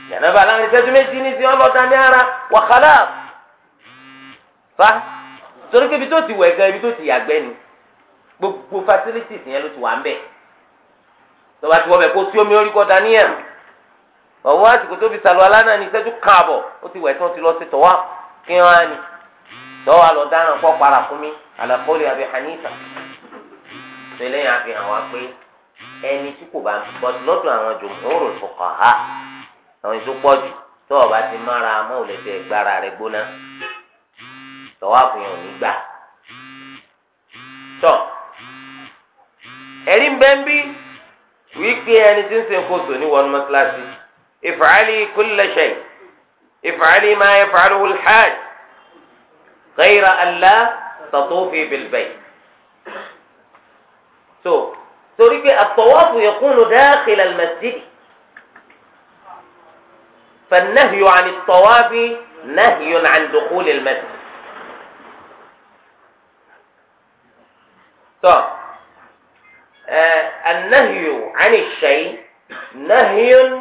jẹnẹba láwọn ìṣẹ́jú méjì ní ti ọlọ́ta ní ara wàhálà fa torí pé ibi tó ti wẹ̀ gan ibi tó ti yàgbẹ́ ni gbogbo facilities yẹn ló ti wà ń bẹ̀ tọ́ba ti wọ́ bẹ̀ kó tí omi orí kọ́ daniel ọ̀wọ́ àsìkò tó fi sàlọ́ alánà ní ìṣẹ́jú káàbọ̀ ó ti wẹ̀ tí wọ́n ti lọ sí tọ́wá kí wọ́n á ní dáhùn kọ́ para fún mi àlàkọ́lé àbí hanifa tẹ́lẹ̀ yẹn àfihàn wa pé ẹni tí kò bá bọ́tù lọ́dún àwọn jòmọ́ òrò fọkàn á àwọn èso pọ̀ jù tó o bá ti mára mọ́ ò lè fẹ́ gbára rẹ gbóná tọ́wọ́ àfihàn ò ní gbà. tọ́ ẹ̀rí bẹ́ńbí wípé ẹni tí ń ṣe kóso ní wọnú mọ́ṣáláṣí ìfàálì kulla ìfàálì máa ìfàálì wùlhàj ghayra allá tatufi bil bayt. so torí pé at-tawafu yakunu dakhil al فالنهي عن الطواف نهي عن دخول المسجد طب آه النهي عن الشيء نهي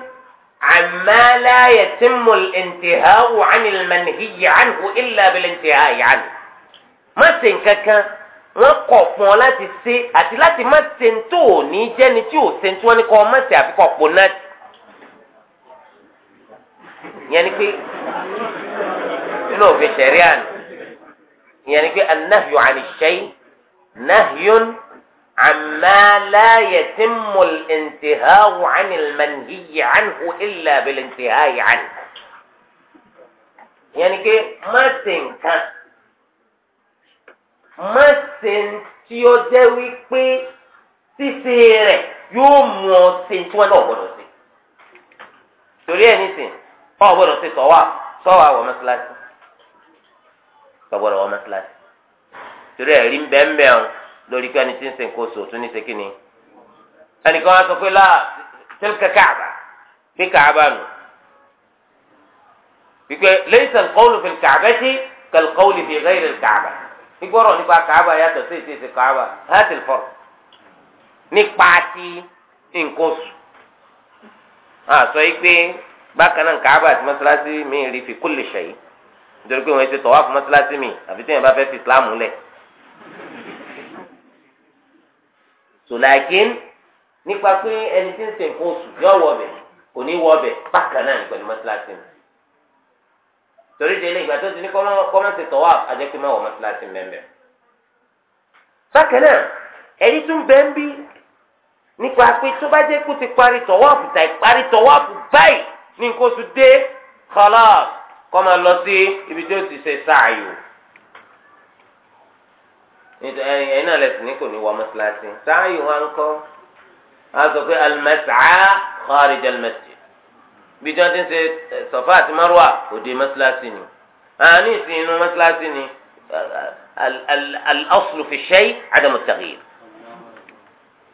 عما لا يتم الانتهاء عن المنهي عنه إلا بالانتهاء عنه ما سنكك wọn kọ̀ تسي ọ láti ṣe àti láti má ṣe tó ní jẹ́ni ìyẹn ni pé nínú òfin ṣẹ̀ríà ìyẹn ni pé anáhìó àníṣẹ́yì náhìón àmàláyẹ tí mo ǹtìhá wà ní màníyì ànhu ìlà abẹ́lẹ̀ ǹtìhá yìí ànhu. ìyẹn ni pé má ṣe nǹkan má ṣe tí ó jẹ́ wípé ṣíṣe rẹ̀ yóò mú ọ ṣe tí wọ́n náà gbọ́dọ̀ ṣe. torí ẹ̀ nísìnyí ọ gbọ́dọ̀ ṣe tọwà sọwà wọ mẹsàlásì gbọ́dọ̀ wọ mẹsàlásì torí ẹ̀rí bẹ́ẹ̀nbẹ́ẹ̀ o lórí pé ẹni tí ń ṣe nǹkan oṣù tún ní ṣe kíni ẹnìkan wá sọ pé láà tilka káàbà fi káàbà nù wípé laysa al-qawlu fi al-ka'bati kal-qawli fi ghayri al-ka'ba gbígbọ́rọ̀ nípa káàbà yàtọ̀ sí ìṣesí káàbà hàtì fọ́rọ̀ nípa ti nǹkan oṣù àṣọ yìí pé bákan náà Kaaba àti mọ́sálásí mi rí fi kulli shay nítorí pé wọ́n ti tọ̀wá fún mọ́sálásí mi àfi tí yẹn bá fẹ́ fi Ìsìlámù lẹ̀. sòlákin nípa pé ẹni tí ń sìn kó oṣù yọ wọ ọbẹ̀ kò ní wọ ọbẹ̀ bákan náà pẹ̀lú mọ́sálásí mi. torí délé ìgbà tó ti ní kọ́mọ́sì tọ̀wá àjẹpẹ́ mọ́wọ́ mọ́sálásí mẹ́mẹ́. bákan ẹni tún bẹ́ẹ̀ ń bí nípa pé tó bá jẹ́ kó ti parí tọ̀wá ní nǹkan oṣù dé kọlá kọ́ máa lọ sí ibi tí ó ti ṣe sáàyò ẹ̀yin náà lẹsìn ní kò ní wọ mọ́sálásí sáàyò wọn kọ́ wọn sọ pé alimẹsàá kharij almasjid ibi tí wọ́n ti ń ṣe sọ̀fà àti márùwà òde mọ́sálásí ni àní ìsìn inú mọ́sálásí ni al-aslu fi shay adamu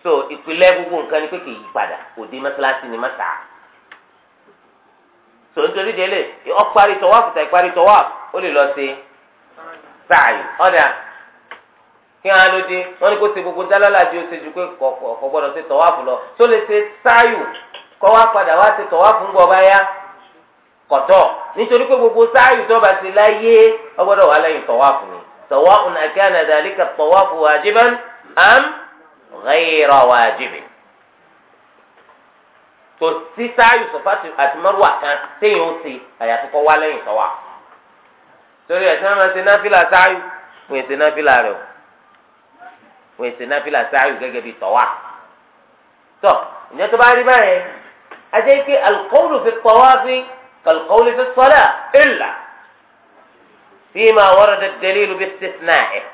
so ìpìlẹ̀ gbogbo nǹkan ni pé kì í yí padà òde mọ́sálásí ni mọ́sàá. tó nítorí délé ọ parí tọwọ́ àfùtà ìparí tọwọ́ ó lè lọ sí sáàyè ọ̀dà kí wọn ló dé wọn gbogbo di ó se ju pé kò gbọdọ̀ ṣe tọwọ́ àfù tó padà nítorí pé gbogbo sáàyù tó bá ọ wà ni nàkẹ́ am kò sí sáyù sọfà àti mọ́rùwà kan téèyàn ó ṣe àyàfi kọ́ wá lẹ́yìn tọ́wà torí ẹ̀ sẹ́wọ́n ṣe náfìlà sáyù wọ́n ṣe náfìlà rẹ̀ o wọ́n ṣe náfìlà sáyù gẹ́gẹ́ bí tọ́wà tọ́ ìyẹn tó bá rí báyẹn ajé pé alukóòlù fi tọ́wá fi kàlùkóòlù fi sọ́lá ìlà fíìmà wọ́rọ̀ dẹ́dẹ́lẹ́ ìlú bí sísínà ẹ̀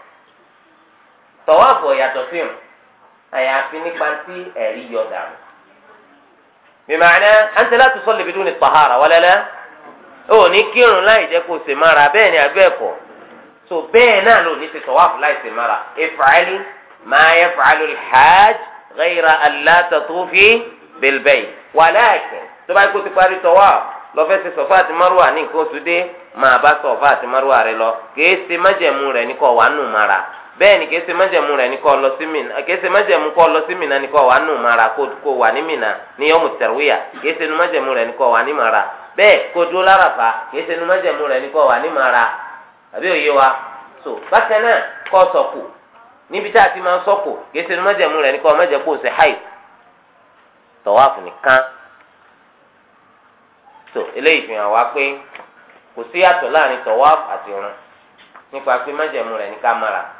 tọ́wá bọ̀ yàtọ̀ fíìmù àyàfi nípa tí ẹ̀rí yọ dànù bìmọ̀nà àǹtí láti sọ́lẹ̀ bìdú ni pàhàrà wọlẹ́lẹ́ ó ní kírun láì jẹ́ kó ṣe mára bẹ́ẹ̀ ni àbẹ́ẹ̀kọ́ tó bẹ́ẹ̀ náà ló ní ṣe tọ́wáfù láì ṣe mára ìfàálí máa yẹ fàálù hajj gẹ́yìrà alátàtúfì bilbẹ́yì wàláàkì tó bá kó ti parí tọ́wáfù lọ́fẹ́ ṣe sọ̀fà àti márùwà ní nǹkan oṣù dé máa bá sọ̀fà àti márùwà rẹ lọ kèé ṣe májẹ̀mú rẹ̀ ní kọ́ wàánu mara bẹ́ẹ̀ ni kìí ṣe májẹ̀mú rẹ̀ ní kọ́ lọ sí mìnà kìí ṣe májẹ̀mú kọ́ lọ sí mìnà ní kọ́ wà nù mara kó wà ní mìnà ní yọ̀mù tẹ̀wíyà kìí ṣe májẹ̀mú rẹ̀ ní kọ́ wà ní mara bẹ́ẹ̀ kó dúró lárafà kìí májẹ̀mú rẹ̀ ní kọ́ wà ní mara àbí òye wa so bákan náà kọ́ sọ̀kù níbi tá a ti máa sọ̀kù kìí ṣe májẹ̀mú rẹ̀ ní kọ́ májẹ̀ kó ṣe háì tọ̀wáfù nìkan so eléyìí fi hàn wá pé kò sí yàtọ̀ láàrin tọ̀wáfù àti ìrun nípa pé májẹ̀mú rẹ̀ ní ká mara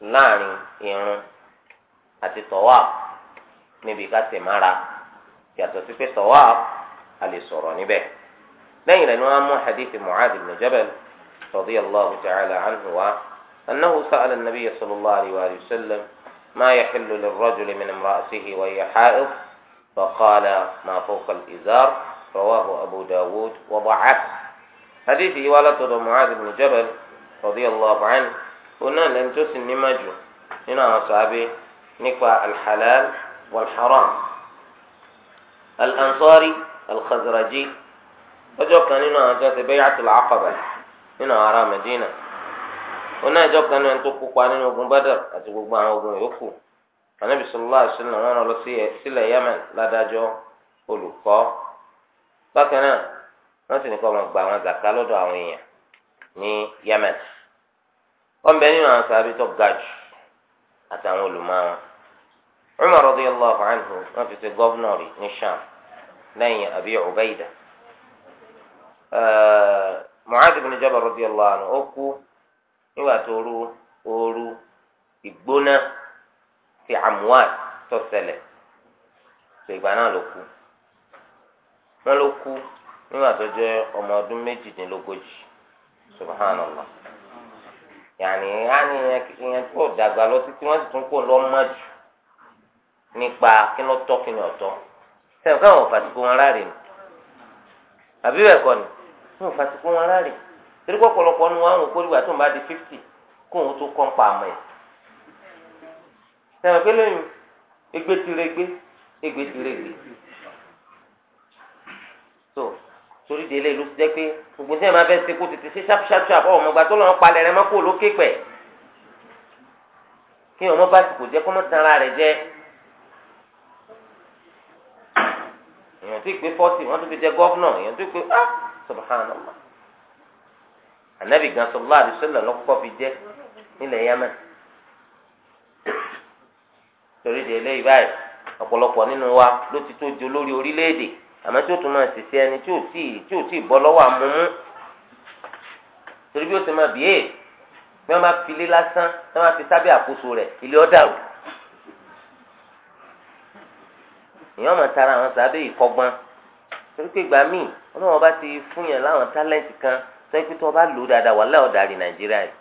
láàrin irun àti tọwáp níbi ká sì ra yàtọ̀ sí pé tọwáp a lè sọ̀rọ̀ níbẹ̀ lẹ́yìn rẹ̀ ni wọ́n á mú hadith mu'adh ibn jabal allahu ta'ala anhu wa annahu sa'ala an sallallahu alayhi wa sallam ma yahillu lirrajuli min imra'atihi wa hiya فقال ما فوق الإزار رواه أبو داود وضعف حديث ولا معاذ بن جبل رضي الله عنه oná lẹni tó sì nímọ̀ jù nínú àwọn sàábé nípa alḥalal walḥaram alansari alkhazraji ọjọ́ kan nínú àwọn tó ṣe bay'atul aqaba nínú àwọn ará Madina oná ìjọ kan nínú tó kópa nínú ogun Badr àti gbogbo àwọn ogun yòókù anabi sallallahu alaihi wasallam wọn lọ sílẹ̀ Yemen ládájọ́ olùkọ́ bákan náà wọ́n sì ní kọ́ ọmọ gba àwọn zaka àwọn èèyàn ní Yemen. ọmọbẹ nínú àwọn sábẹ tó ga jù àtàwọn olùmọ̀ràn Umar radiyallahu anhu wọ́n fi ṣe gọ́vnọ̀ rí ní Sham lẹ́yìn Abi Ubaida Mu'adh ibn Jabal radiyallahu anhu ó kú nígbà tó rú ooru ìgbóná ti tó ìgbà náà ló kú ló kú nígbà tó ọmọ yàní yàní yẹn tó dàgbà lọ títí wọ́n sì tún kó lọ mọ́ jù nípa kí ló tọ́ kí ni ọ̀tọ̀ sẹ́yìn káwọn wọn ráre ni àbí bẹ́ẹ̀ kọ́ ni wọn òfàsìkò wọn ráre torí pọ̀pọ̀lọpọ̀ nu àwọn òkúrìgbà tó ń bá di fífítì kó òun tó kọ́ ń pa àmọ́ ẹ̀ sẹ́yìn pé lóyún egbe ti regbe egbe ti regbe so torí de ilé ìlú ti jẹ́ pé gbogbo tí ẹ máa fẹ́ ṣe kó tètè ṣe ṣáfṣáfṣáf ọ̀ ọmọ ìgbà tó lọ́wọ́ palẹ̀ rẹ mọ́kò lókè pẹ̀ kí ọmọ bá ti kò jẹ́ kó mọ́ tan ara rẹ̀ jẹ́ èèyàn tó gbé fọ́tì wọ́n tó fi jẹ́ gọ́vnà èèyàn tó gbé ah subhanallah anabi gan sallallahu alaihi wasallam lọ́kọ́ fi jẹ́ nílẹ̀ Yemen torí de ilé ìbáyìí ọ̀pọ̀lọpọ̀ nínú wa ló ti tó di olórí orílẹ̀-èdè àmọ́ tí ó tún máa ṣèṣe ẹni tí ò tí tí ò tí bọ́ lọ́wọ́ àmúmú torí bí ó ti máa bìíye bí wọ́n bá filé lásán tí wọ́n bá fi sábẹ́ àkóso rẹ̀ ilé ọ̀dà o èèyàn máa tara àwọn sábẹ́ ìkọ́gbọ́n torí pé ìgbà míì ọlọ́wọ́n bá ti fún yàn láwọn tálẹ́ǹtì kan tó yẹ pé tí wọ́n bá lò ó dáadáa wà láwọn ọ̀dàrí nàìjíríà yìí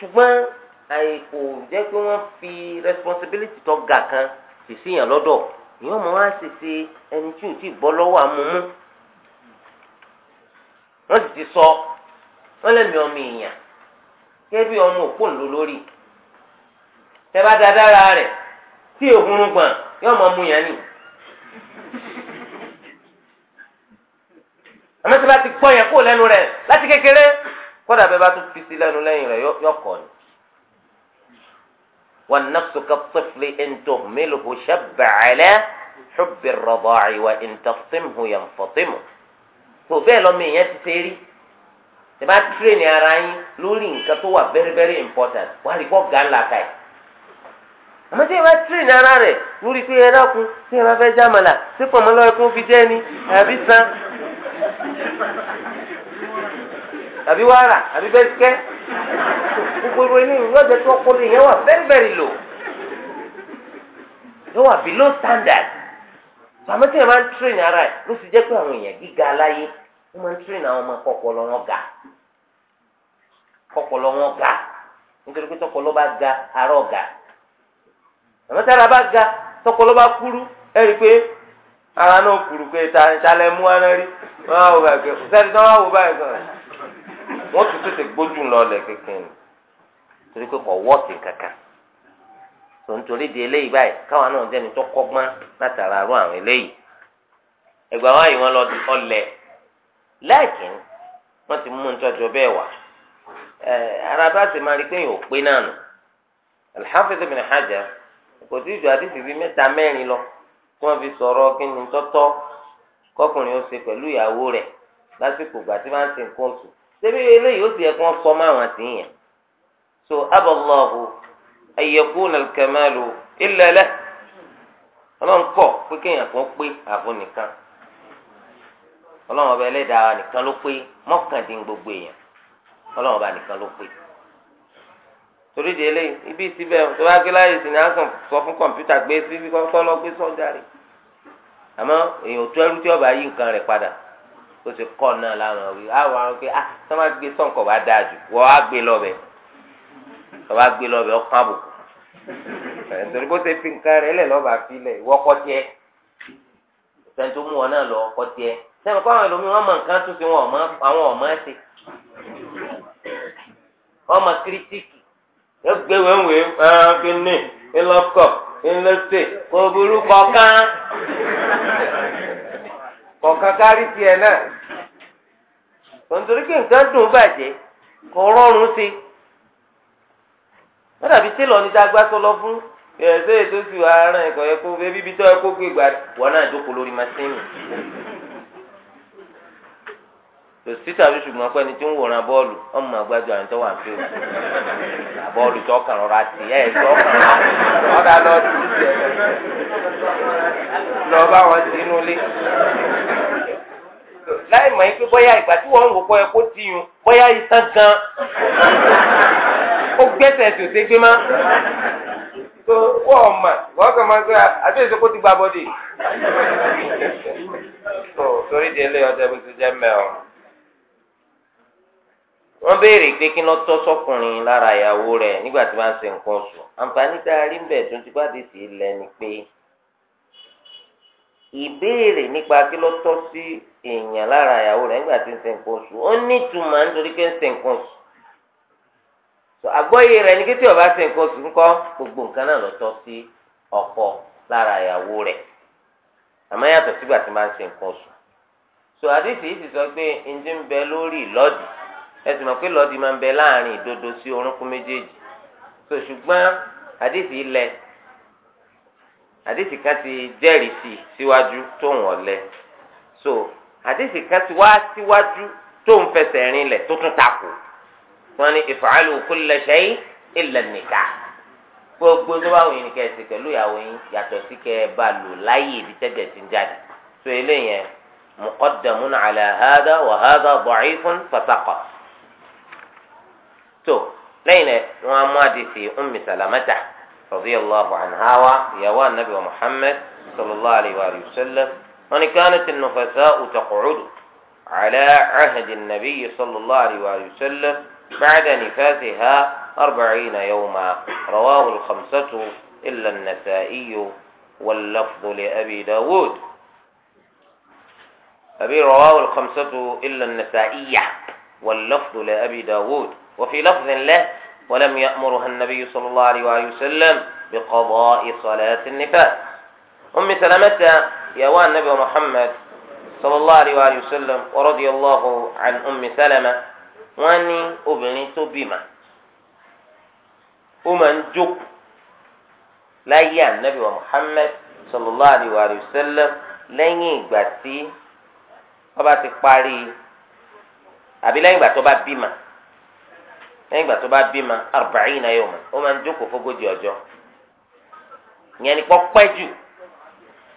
ṣùgbọ́n àìkò jẹ́ pé wọ́n fi responsibility tó ga kan sì síyàn lọ́dọ̀ ìyẹn ọmọ wa ṣèṣe ẹni tí ò tí ì bọ́ lọ́wọ́ amúmú wọ́n sì ti sọ wọ́n lẹ́mìí ọmọ èèyàn kébí ọmọ òpó ńlò lórí tẹ́ bá dáadáa rẹ̀ tí ehun gbọ̀n yóò mọ mú yẹn nì. àmọ́ tí bá ti gbọ́ yẹn kó lẹ́nu rẹ̀ láti kékeré kódà bẹ́ẹ̀ bá tún fi sí lẹ́nu lẹ́yìn rẹ̀ yọkọ̀ ni. والنفس كالطفل إن تهمله شب على حب الرضاع وإن تفطمه ينفطمه tó bẹ́ẹ̀ lọ́mọ èèyàn ti ṣe rí tẹ bá tírèèni ara yín lórí nǹkan tó wà very very important wàá rí kọ́ gà ńlá ka ẹ̀ àmọ́ tí ẹ bá tírèèni ara rẹ̀ lórí pé ẹ dákun tí ẹ bá fẹ́ jámàlà tí pọ̀mọ́ lọ́wọ́ kó fi jẹ́ ni àbí san àbí wàrà àbí bẹ́sikẹ́. gbogbo eléyìí yóò jẹ tó ọpọlọ yẹn very very low yóò wà below standard pàmẹ́tì yẹn máa ń train ara ẹ̀ ló sì jẹ́ pé àwọn èèyàn gíga aláyé train àwọn ma kọ́pọ̀lọ́ wọn ga kọ́pọ̀lọ́ wọn ga nítorí pé tọ́pọ̀lọ́ bá ga ara ga tọ́pọ̀lọ́ bá kúrú rí i pé ara náà kúrú pé mú ara rí wọ́n á wò sẹ́ni wọ́n tún tètè gbójú kékeré torí pé kò wọ́ọ̀sì kankan tó nítorí di eléyìí báyìí káwọn náà jẹ́ni tó kọ́gbọ́n látara àrùn àwọn eléyìí ẹgbẹ́ àwọn àyè wọn lọ ọlẹ̀ lẹ́ẹ̀kìn wọ́n ti mú bẹ́ẹ̀ wá ẹ ara bá ti máa rí pé yòó pé náà nù Al-Hafiz Ibn kò tí ìjọ àti tìbí mẹ́ta mẹ́rin lọ tí wọ́n fi sọ̀rọ̀ kí ni tọ́tọ́ kọkùnrin ó ṣe pẹ̀lú ìyàwó rẹ̀ lásìkò tí wọ́n á so aballahu ayakuna kamalu illa lah ọlọ́run kọ̀ pé kéèyàn kan pé àfún nìkan ọlọ́run ọba ẹlẹ́dàá nìkan ló pé mọ́kàndín gbogbo èèyàn ọlọ́run ọba nìkan ló pé torí de eléyìí ibi síbẹ̀ tó bá gbé láyé sí ni a kàn sọ fún kọ̀ǹpútà gbé sí bí kọ́ lọ gbé sọ́jà rẹ̀ àmọ́ èèyàn tó ẹrú tí ọba yí nǹkan rẹ̀ padà ó ti kọ́ náà lánàá wí àwọn àwọn pé ah sọ́mà gbé sọ́ǹkọ̀ bá dáa jù wọ́n á gbé lọ́bẹ̀ẹ́ bàbá gbé lọ́bẹ̀ ọ̀pọ̀ àbùkù nítorí bó ṣe fi nǹkan rẹ̀ lẹ̀ lọ́ba filẹ̀ ìwọ kọ́ tiẹ̀ sẹ́ni tó mú wọn náà lọ kọ́ tiẹ̀ sẹ́ni kọ́ àwọn ẹlòmíì wọ́n mọ nǹkan tó ṣe wọn àwọn ọ̀mọ́ ṣe ọmọ kírítíkì yóò gbé wẹ́wẹ́ kíní ńlọkọ̀ ńlọsẹ̀ kò burú kọ̀ọ̀kan kọ̀ọ̀kan kárí tiẹ̀ náà nítorí kí nǹkan dùn bàjẹ́ kò rọrùn sí i. wọ́n dàbí télọ̀ ní dágbà tó lọ fún ẹ̀ẹ́dẹ́ ètò sì wà aràn ẹ̀kọ́ ẹ̀kọ́ bẹ́ẹ̀ bíbí tó ẹ̀kọ́ gbé gbà wọ́n náà jókòó lórí masínì. tòsí tàbí ṣùgbọ́n pé ẹni tí ń wòran bọ́ọ̀lù ọmọ àgbájọ àwọn tó wà ń fẹ́ o bọ́ọ̀lù tó kàn rọra tì ẹ̀ tó kàn rọra lọ sí ó gbẹ́sẹ̀ tó ṣe gbé má tó wọ́ ọ̀mà wọ́n kàn máa gbé àti èso kó ti gba bọ́dì. tó torí di ẹlẹ́yìn ọjà ti jẹ́ mẹ́ọ̀. wọ́n béèrè pé kí ló tọ́ sọ́kùnrin lára ìyàwó rẹ̀ nígbà tí wọ́n ṣe nǹkan oṣù àǹfààní tá a rí ń bẹ̀ tó ti bá dìtì lẹ́ni pé ìbéèrè nípa kí ló tọ́ sí èèyàn lára ìyàwó rẹ̀ nígbà tí ń ṣe nǹkan oṣù ó àgbọ́yé rẹ̀ ní kété ọba ṣe nǹkan oṣù ńkọ́ gbogbo nǹkan náà lọ tọ́ sí ọkọ lára ìyàwó rẹ̀ àmọ́ yàtọ̀ sígbà tí máa ń ṣe nǹkan oṣù so àdìsí yìí ti sọ pé ǹjẹ́ ń bẹ lórí ìlọ́dì ẹ̀sìn mọ̀ pé lọ́dì máa ń bẹ láàrin ìdodo sí orúnkún méjèèjì so ṣùgbọ́n àdìsí yìí lẹ àdìsí kan ti jẹ́rìí sí síwájú tó wọ̀n lẹ so àdìsí kan ti wá síwájú tó ń fẹsẹ̀ rinlẹ̀ tó tún takò wọn ní ìfàálù kulla shay illa nikah gbogbo tó bá wù yín kẹ́ ẹ sì pẹ̀lú ìyàwó yín yàtọ̀ sí kẹ́ ẹ bá lò láyè ibi tẹ́jẹ̀ ti ń jáde tó eléyẹn muqaddamun ala hadha wa hadha da'ifun fasaqat tó lẹ́yìn rẹ̀ wọ́n á mú àdìsí ummi salamata radiyallahu anha wa ìyàwó anabi wa sallallahu alayhi wa sallam wọ́n ní kanat بعد نفاثها أربعين يوما رواه الخمسة إلا النسائي واللفظ لأبي داود أبي رواه الخمسة إلا النسائية واللفظ لأبي داود وفي لفظ له ولم يأمرها النبي صلى الله عليه وآله وسلم بقضاء صلاة النفاس أم سلمة يا النبي محمد صلى الله عليه وآله وسلم ورضي الله عن أم سلمة wọ́n ní obìnrin tó bímọ ó máa ń jókòó láyé ànábì Muhammad sallallahu alayhi wa sallam ìgbà tí bá ti parí àbí lẹ́yìn ìgbà tó bá bímọ ìgbà tó bá arba'ina yawma ó máa ń jókòó fógójì ọjọ́ ìyẹn ni pọ́pẹ́ jù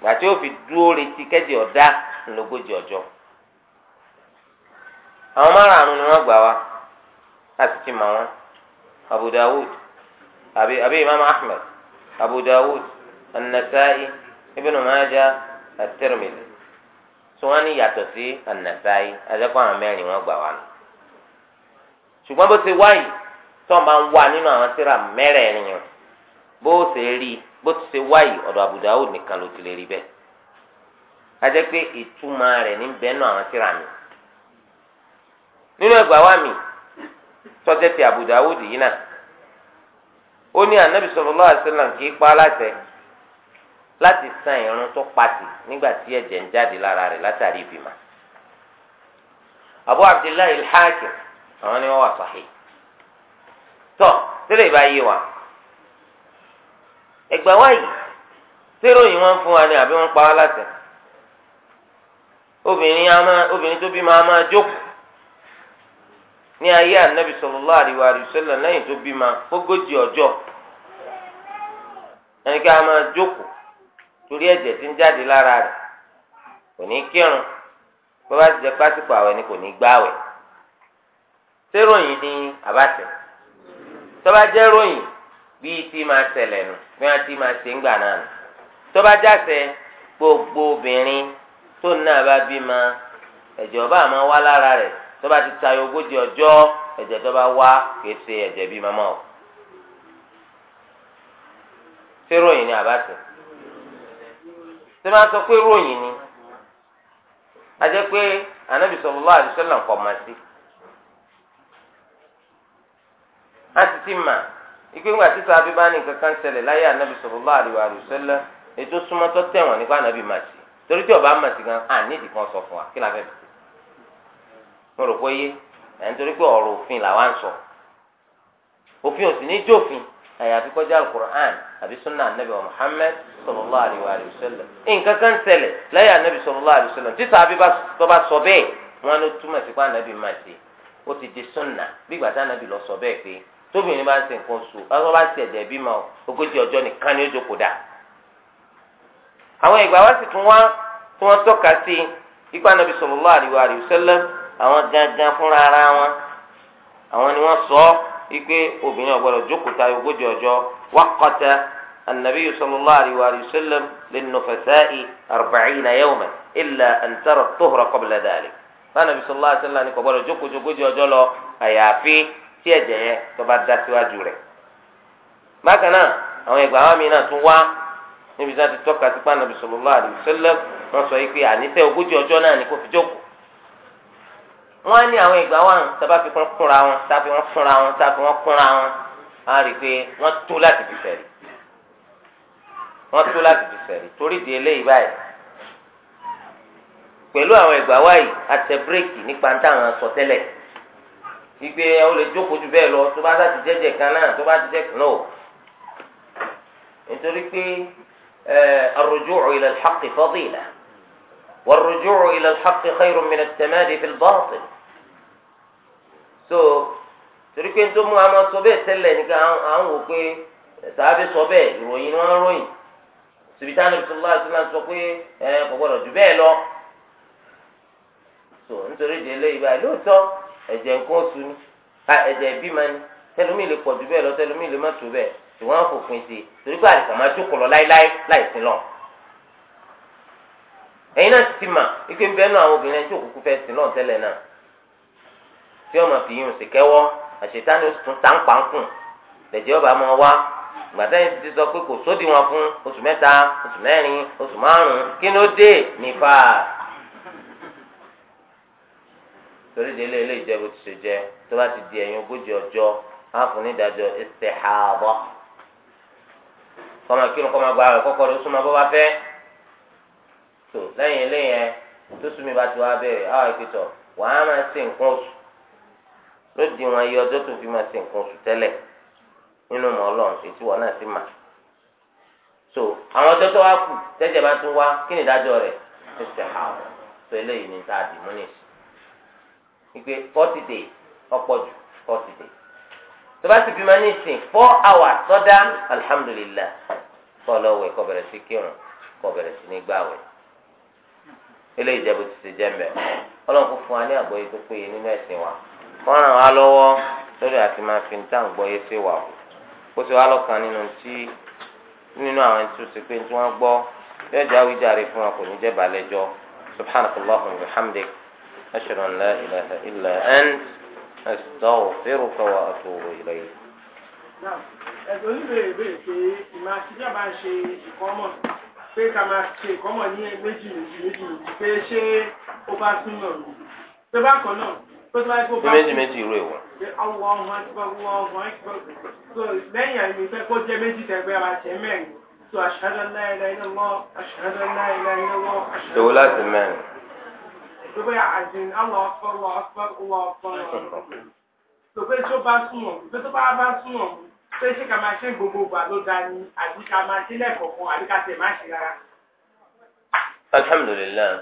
gbàtí ó fi dúró retí ọjọ àwọn márààrún ni wọ́n gbà wá láti ti mọ̀ abu dawud àbí àbí imam ahmed abu dawud anasai ibn maja at tí wọ́n ní yàtọ̀ sí anasai adẹ́kọ̀ àwọn mẹ́rin wọ́n gbà wá nù ṣùgbọ́n bó ti wáyìí tó máa ń wà nínú àwọn tíra mẹ́rẹ̀ẹ̀rin yẹn bó abu dawud nìkan ló ti lè rí bẹ́ẹ̀ adẹ́ pé ìtumọ̀ rẹ̀ ní bẹ́ẹ̀ nù àwọn tíra nínú ẹgbàá wa mi tọ́jẹ́ ti Abu Dawud yìí náà ó ní anabi sallallahu alaihi wasallam pa aláṣẹ láti san irun pati nígbà tí ẹ̀jẹ̀ ń jáde lára rẹ̀ látàrí ìbímọ. Abu Abdullahi al àwọn ni wọ́n wà sahih. tọ́ yé wa ẹgbàá wa yìí séròyìn wọn fún wa ni àbí wọn pa aláṣẹ obìnrin tó bímọ a máa jókòó ní ayé anabi sallallahu alaihi wa sallam tó bímọ fógójì ọjọ́ ẹni ká máa jókòó torí ẹ̀jẹ̀ tí ń jáde lára rẹ̀ kò ní kírun bó bá ti jẹ pásítọ àwẹ̀ ni kò ní gbààwẹ̀ séròyìn ní àbàtẹ tọ́ba jẹ́ ròyìn bíi tí máa ṣẹlẹ̀ nù bí wọ́n ti máa ṣe ń gbà náà nù tọ́ba jáṣẹ gbogbo obìnrin tó náà bá bímọ ẹ̀jọ̀ bá máa wá lára rẹ̀ tó bá ti tayọ ogójì ọjọ́ ẹ̀jẹ̀ tó bá wá kìí ṣe ẹ̀jẹ̀ bíi màmá o ṣé ròyìn ni àbáṣe ṣé máa sọ pé ròyìn ni a jẹ́ pé anabi sallallahu alaihi wasallam kọ máa sí a sì ti mà ìpín ìgbà tí sábà kankan ṣẹlẹ̀ láyé anabi sallallahu alaihi wasallam ètò súnmọ́tọ́ tẹ̀wọ̀n nípa anabi màsí torí tí ọba màsí gan-an àníìdì kan sọ fún wa kí la fẹ́ bẹ̀rẹ̀ mo rò pé yé ẹ̀ nítorí pé ọ̀rọ̀ òfin làwa ń sọ òfin ò sì ní jófin àyàfi kọjá alukur'an àbí sunna anabi wa muhammed sallallahu alayhi wa sallam nǹkan kan ṣẹlẹ̀ lẹ́yìn anabi sallallahu alayhi wa sallam títà àbí tó bá sọ bẹ́ẹ̀ wọn ló túmọ̀ sí pé anabi máa ṣe ó ti di sunna bí gbàtà anabi lọ sọ bẹ́ẹ̀ pé tóbìnrin bá ń ṣe nǹkan oṣù ọlọ́ bá ṣe ẹ̀jẹ̀ bímọ ogójì ọjọ́ nìkan ni ó jókòó dà. àwọn ìgbà wá sì tún wá tí wọ́n tọ́ka sí ipa anabi sallallahu alayhi wa sallam àwọn gangan fúnra ara wọn àwọn ni wọ́n sọ wípé obìnrin ọ̀gbọ́dọ̀ jókòó ta ogójì ọjọ́ wákọ̀tà النبي صلى الله عليه وآله وسلم للنفساء أربعين يوما إلا أن ترى الطهر قبل ذلك فالنبي صلى الله عليه وسلم ní kò gbọdọ̀ jókòó ogójì ọjọ́ lọ àyàfi tí ẹ̀jẹ̀ yẹn tó bá dá síwájú rẹ̀ bákan náà àwọn ìgbà wọn mi náà tún wá níbi tí wọ́n ti tọ́ka sí pé Ànábì sallallahu alaihi sọ yìí pé ogójì ọjọ́ náà ni kò fi jókòó wọ́n ní àwọn ìgbà wọn sábà fi kún kúnra wọn sábà wọn kúnra wọn sábà wọn kúnra wọn á rí i pé wọ́n tó láti fi sẹ̀rí wọ́n tó láti fi sẹ̀rí torí di eléyìí báyìí pẹ̀lú àwọn ìgbà wáyìí àtẹ bírèkì nípa ń táwọn sọ tẹ́lẹ̀ ìgbé ó lè jókòó ju bẹ́ẹ̀ lọ tó bá láti jẹ́jẹ́ kan náà tó bá ti jẹ́ kan náà nítorí pé ar-ruju' ila al-haqqi fadila wal-ruju' ila al-haqqi khayrun min at-tamadi so torí pé tó mú àwọn sọ bẹ́ẹ̀ tẹ́lẹ̀ nìkan à wò pé sàábì sọ bẹẹ ìròyìn ni wọ́n ròyìn sibitani sọ pé ẹ kò jù lọ so nítorí délé ibà lóòótọ́ a nǹkan oṣù ni ẹ̀jẹ̀ ìbímọ ni tẹlumi lè po jù bẹẹ lọ tẹlumi lè má bẹẹ bẹ́ẹ̀ ṣùgbọ́n fòpin sí torí pé àìsàn máa jókòó lọ láéláé láìsí lọ ike ń àwọn obìnrin òkùnkùn tí ọmọ fi yún sí kẹwọ́ àṣetánì tún sáńpàǹkùn lẹ́jẹ̀ ọba máa wá gbàtẹ́yìn ti sọ pé kò sódì wọn fún oṣù mẹ́ta oṣù mẹ́rin oṣù márùn kí ló dé nípa torí délé ilé ìjẹ bó ti ṣe jẹ tó bá ti di ẹ̀yìn ogójì ọjọ́ á fún nídàájọ́ istihaba kọ́mọ kírun kọ́mọ gba rẹ̀ kọ́kọ́ ló súnmọ́ bó bá fẹ́ tó lẹ́yìn ilé yẹn ti wá bẹ̀rẹ̀ ìpìtọ̀ ló di wọn ayé ọjọ́ tó fi máa ṣe nǹkan oṣù tẹ́lẹ̀ nínú ọlọ́run ètí wọn náà sì mà so àwọn ọjọ́ tó wá kù tẹ́jẹ̀ bá tún wá kí ni ìdájọ́ rẹ̀ ṣẹṣẹ àwọn tó eléyìí ní tá a dì mú ní ìsìn forty days ọ̀pọ̀ jù forty days tó bá sì fi máa ní ìsìn four hours sọ́dá alihamudulilayi kọ́ lọ́wọ́ ẹ̀kọ́ bẹ̀rẹ̀ sí kírun kọ́ bẹ̀rẹ̀ sí ní gbàwẹ̀ eléyìí jẹ́ bó ti ṣe jẹ́ mẹ́ ọlọ́run kò fún wa ní àgbọ́yé tó péye nínú ẹ̀sìn wa wọ́n ràn wá lọ́wọ́ lórí àti máa fi ní táwọn gbọ́ yé ṣe wà o kó ṣe wá lọ́kàn nínú tí nínú àwọn tí ó ṣe pé tí wọ́n gbọ́ yóò jẹ́ àwíjàre fún wọn kò ní jẹ́ balẹ̀jọ́ subhanakallahumma wa bihamdik ashhadu an la ilaha illa ant astaghfiruka wa atubu ilayk. ẹ̀sùn oníbèrè bèrè pé ìmọ̀ àtijọ́ ń ṣe ìkọ́mọ̀ pé ká máa ṣe ìkọ́mọ̀ ní méjì méjì méjì pé ṣé ó bá súnmọ̀ rò pé bákan náà ní méjì méjì irú èwo. lẹ́yìn àyè ìfẹ́ kó jẹ́ méjì tẹ̀gbẹ́ ara jẹ́ mẹ́rin tó ashhadu an la ilaha illallah ashhadu an la ilaha illallah. èwo láti mẹ́rin. ìjọba àjìn Allahu akbar Allahu akbar Allahu akbar. tòpé tó bá súnmọ̀ tòpé tó bá bá súnmọ̀ pé ṣé ká máa ṣe gbogbo ìgbà ló da ni àbí ká máa ṣe lẹ́ẹ̀kọ̀ọ̀kan àbí ká tẹ̀ má ṣe rárá. alhamdulilayi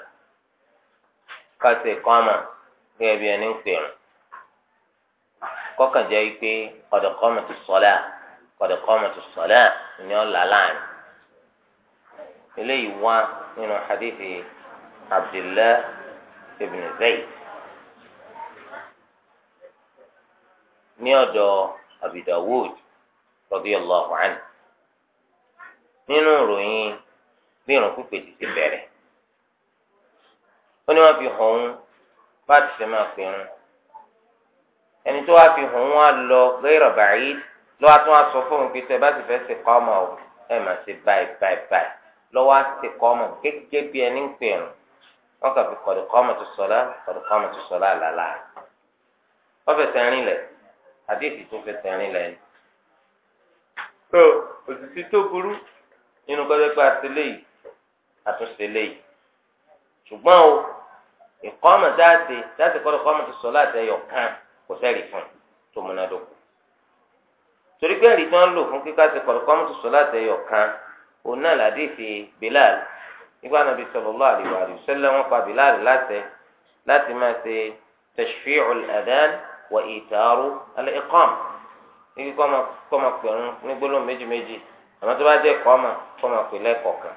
ká ṣe kọ́ àmà gẹ́gẹ́ bí ẹni ń pèrò kọ́kàn jẹ́ pé kọ̀dọ̀kọ́mọ̀ ti sọ́lá kọ̀dọ̀kọ́mọ̀ ti sọ́lá ni ọ̀ là láàrin eléyìí wá nínú hadithi abdullah ibn zayd ní ọ̀dọ̀ abi dawud radiyallahu anhu nínú ìròyìn bí irun pípé ti ti bẹ̀rẹ̀ ó ní wọ́n fi hàn bá ti ṣe máa pè wọn ẹni tó wá fi hùn wọn lọ gẹ́rọ̀ báyìí lọ́wọ́ tó wá sọ fún mi pé tẹ́ bá ti fẹ́ ṣe kọ́ ọmọ o ẹ̀ máa ṣe báyìí báyìí báyìí lọ́wọ́ á ṣe kọ́ ọmọ gẹ́gẹ́ bí ẹni ń pè wọn wọn fi kọ̀dù kọ́ ọmọ tó sọ̀lá kọ̀dù kọ́ ọmọ tó sọ̀lá àlàlà wọ́n fẹsẹ̀ rìn lẹ̀ àdéhìí tó fẹsẹ̀ rìn lẹ̀ ni. tó òsìsì tó burú nínú kọ́jọ́ ìkọ́mọ̀ dáàsì dáàsì kọ́ ló kọ́mọ̀ tó sọ láti ẹyọ kan kò sẹ́rì fún tó múnádóko torí pé ẹ̀rí tí wọ́n ń lò fún kíkà sí kọ́ ló kọ́mọ̀ tó sọ láti ẹyọ kan òun náà làdí fi Bilal nígbà náà bí sallallahu alaihi wa sallam wọn pa Bilal láti láti máa ṣe tashfi'ul adhan wa itaru al-iqama níbi kọ́ máa pẹ̀rún ní gbólóhùn àmọ́ tó bá jẹ́ kọ́ máa kọ́ máa pè lẹ́kọ̀ọ́ kan.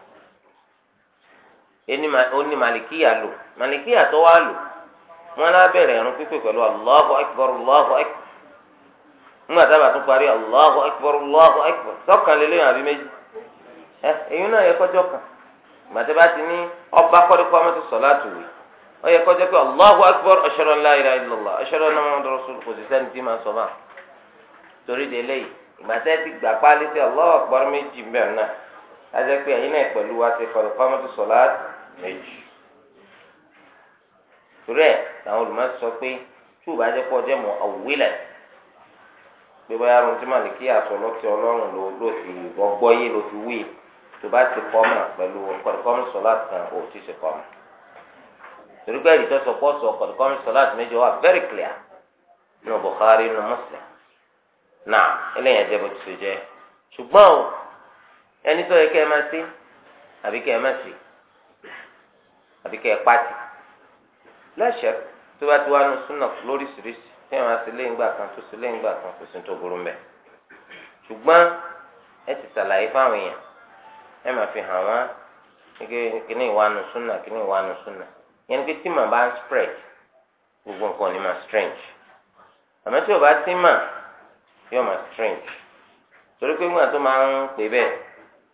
oní malikiya lò malikiya tó wá lò wọn á bẹ̀rẹ̀ ẹ̀rùn pípé pẹ̀lú allahu akbar allahu akbar ńgbà sábà tún parí allahu akbar allahu akbar àbí méjì ẹ èyí náà yẹ kan ti ní ọba kọ́díkọ́ mẹ́tò sọ̀lá tùwé ó yẹ kọjọ́ pé allahu akbar la ilaha illallah ashhadu anna muhammadar kò sẹ́ni tí màá sọ máa torí de lẹ́yìn gbàtẹ́ ti gbà pálí sí allahu akbar méjì mẹ́rin ajẹ́ pé ẹ̀yin náà pẹ̀lú wa ti fọ̀rọ̀ pàmòtò sọ̀lá méjì torí ẹ̀ làwọn sọ pé tí ò bá jẹ́ pọ̀ jẹ́ mọ́ pé báyà rún tí màlìkí ọlọ́run ló ti gbọ́ yé ló ti wí tó bá ti kọ́ mọ̀ pẹ̀lú kọ̀dùkọ́mù ti ṣe torí pé tó sọ pọ̀ sọ kọ̀dùkọ́mù sọ̀lá méjì wà very clear nínú nínú náà ẹni tó yẹ kẹ́ ẹ máa sí àbí kẹ́ ẹ máa sí àbí kẹ́ ẹ pàtì lẹ́sẹ̀ tó bá ti wá nu súnà lóríṣiríṣi ẹ máa sí gbà kan tó sí lẹ́yìn gbà kan kò sí tó burú mbẹ́ fi hàn wọ́n kíní ìwà nu súnà kíní ìwà nu súnà yẹn ni tí màá bá ń spread gbogbo nǹkan ni strange àmọ́ tí o bá yóò strange torí pé tó máa ń pè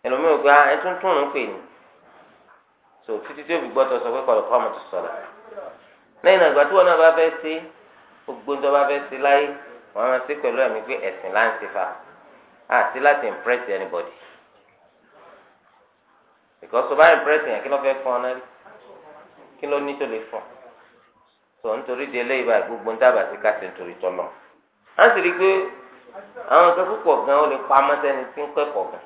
ẹlòmíràn pé ah, ẹ tún òun pè ní so títí tí òbí gbọ́tọ̀ sọ pé kọ̀ọ̀lù kọ́ ọmọ tó sọ̀rọ̀ lẹ́yìn náà tí wọn náà bá fẹ́ ṣe gbogbo tó bá fẹ́ ṣe láyé wọn máa ṣe pẹ̀lú ẹ̀mí pé ẹ̀sìn là fa àti láti impress anybody because tó impress yẹn kí ló fẹ́ fún ọ náà rí kí ló ní tó lè fún so nítorí di eléyìí báyìí gbogbo ń dábàá sí káṣí nítorí tọ́lọ́ á sì rí i pé àwọn nǹkan púpọ̀ gan ó lè pa amọ́sẹ́ni tí ń kọ́ ẹ̀kọ́ gan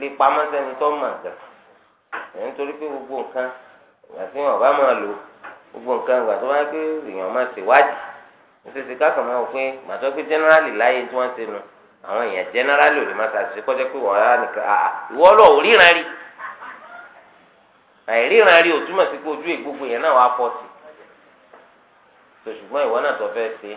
lè pamọ́ sẹ́ni tó mọ̀ nǹkan ẹ̀ nítorí pé gbogbo nǹkan ìgbà tí wọn bá máa lò gbogbo nǹkan ìgbà tó bá pé èèyàn máa ṣèwádìí nítorí ká kàn máa wò pé màtọ́ pé jẹ́nẹ́rálì láyé tí wọ́n ṣe nu àwọn èèyàn jẹ́nẹ́rálì ò lè má ṣàṣìṣe kọ́jọ́ pé wọ́n rárá nìkan ah, àà ah, ìwọ́ lọ ò ríran rí àìríran rí ò túmọ̀ sí pé ojú ìgbogbo èèyàn náà wà pọ̀ sí ṣùgbọ́n ìwọ náà tó fẹ́ ṣe é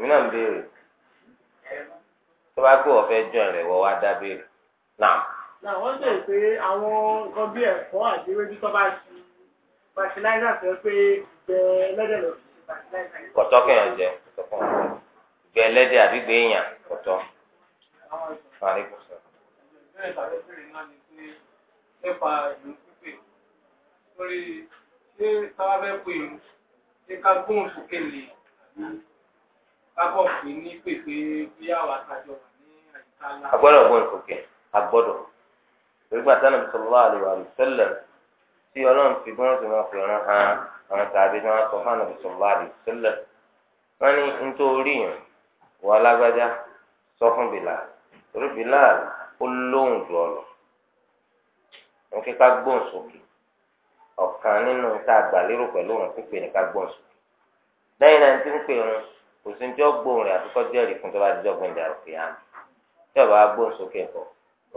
èmi náà ń béèrè tó bá gbé ọ̀fẹ́ jọ rẹ̀ wọ́n wá dá béèrè náà. náà wọ́n sọ pé àwọn nǹkan bíi ẹ̀fọ́ àti ewédú tó bá ṣe fertilizer sọ pé ìgbẹ́ ẹlẹ́dẹ̀ lọ sí fertilizer. kọ̀tọ́ kẹ̀yàn jẹ kọ̀tọ́ kẹ̀yàn jẹ ìgbẹ́ ẹlẹ́dẹ̀ àbí gbé èèyàn kọ̀tọ́. nípa ìlú pípé lórí ṣé sábà fẹ́ pè é ṣé ká gbóhùn sókè lè àbí kábọ̀ pé ní pèpè bí àwọn àtàjọ wà ní àyíká tí Ànábì sallallahu alaihi wasallam tí Ọlọ́run fi bí wọ́n ti máa fẹ́ràn hàn àwọn tàbí tí wọ́n sọ fún Ànábì sallallahu alaihi wasallam wọ́n nítorí yẹn wọ́n alágbájá sọ fún Bilal torí Bilal ó lóhùn jù ọ lọ wọn kí ká gbóhùn sókè ọ̀kan nínú tá a gbà lérò pẹ̀lú òun pípé ní ká gbóhùn sókè lẹ́yìn náà ti ń pè wọn kò sí ní tí ó gbóhùn rẹ̀ àfikọ́ jẹ́rìí fún tó bá dijọ́ gbìn dàrú kì hàn tí ọba gbóhùn sókè bọ̀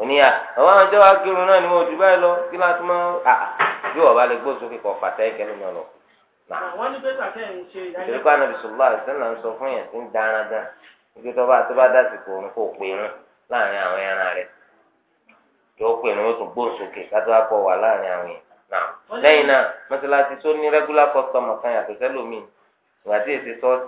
oníyà àwọn àwọn ìjọba kírun náà ni wọn ò jù báyìí lọ kí láti mọ àà bí wọn lè gbóhùn sókè kọ pàtẹ́ ìkẹ́ lọ. ìṣèlú ń sọ fún yẹn tí ń dán nígbà wọn tún gbóhùn sókè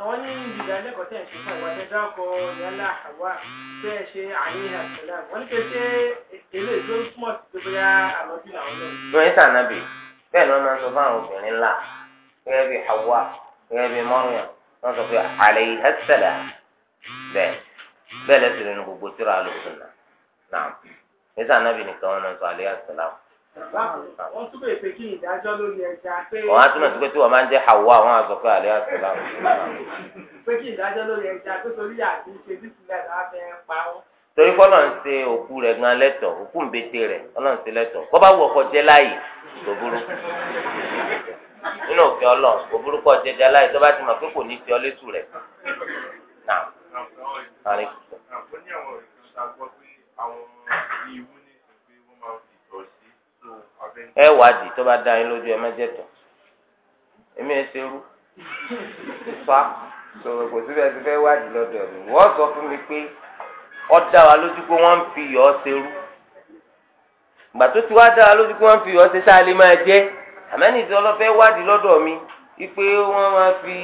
àwọn ní ìdánilẹ́kọ̀ọ́ tẹ̀ ń ṣe fún àwọn àtẹ́dáàkọ̀ ìyálà àwa tẹ́ ẹ ṣe àyíhà ìṣẹ̀lá wọ́n ní pé ṣé èlé tó túmọ̀ sí pé bóyá àlọ́bí làwọn náà. lóyún sànàbì bẹ́ẹ̀ ni wọ́n máa ń sọ fún àwọn obìnrin ńlá gẹ́gẹ́ bí Hawa gẹ́gẹ́ bí mọ́rùn wọ́n sọ pé àlẹ́yìhà ìṣẹ̀lá bẹ́ẹ̀ bẹ́ẹ̀ lẹ́sìn nínú gbogbo tíra lóṣù náà náà ní sànàbì nìkan wọ́n wọ́n túbọ̀ èpè kí ìdájọ́ lórí ẹja pé. wọ́n á túmọ̀ sí pé tí wọ́n máa ń jẹ́ Hawa àwọn àzọ̀kọ́ àlẹ́ àṣẹlá. pé kí ìdájọ́ lórí ẹja pé torí àti ṣe bísílẹ̀ náà fẹ́ pa ó. torí kọ́lọ̀ ń ṣe òkú rẹ̀ gan lẹ́tọ̀ òkú ń bete rẹ̀ kọ́lọ̀ ń ṣe lẹ́tọ̀ kọ́ bá wù ọkọ̀ jẹ́ láàyè tó burú. nínú òfin Ọlọ́run kò burú kọ́ jẹ́ jẹ́ láàyè tó bá ti mọ̀ pé kò ní fi ọ ẹ wádìí tó bá dá yín lójú ẹ má jẹ tán èmi ẹ ṣe rú fa sọ̀rọ̀ kò síbẹ̀ ti fẹ́ wádìí lọ́dọ̀ mi wọ́n sọ fún mi pé ọ dá wa lójú pé wọ́n ń fi yọ̀ ọ́ ṣe rú ìgbà tó ti wá dá wa lójú pé wọ́n ń fi yọ̀ ọ́ ṣe sáà lè máa jẹ́ àmẹ́ni tí ọlọ́fẹ́ wádìí lọ́dọ̀ mi wípé wọ́n máa fi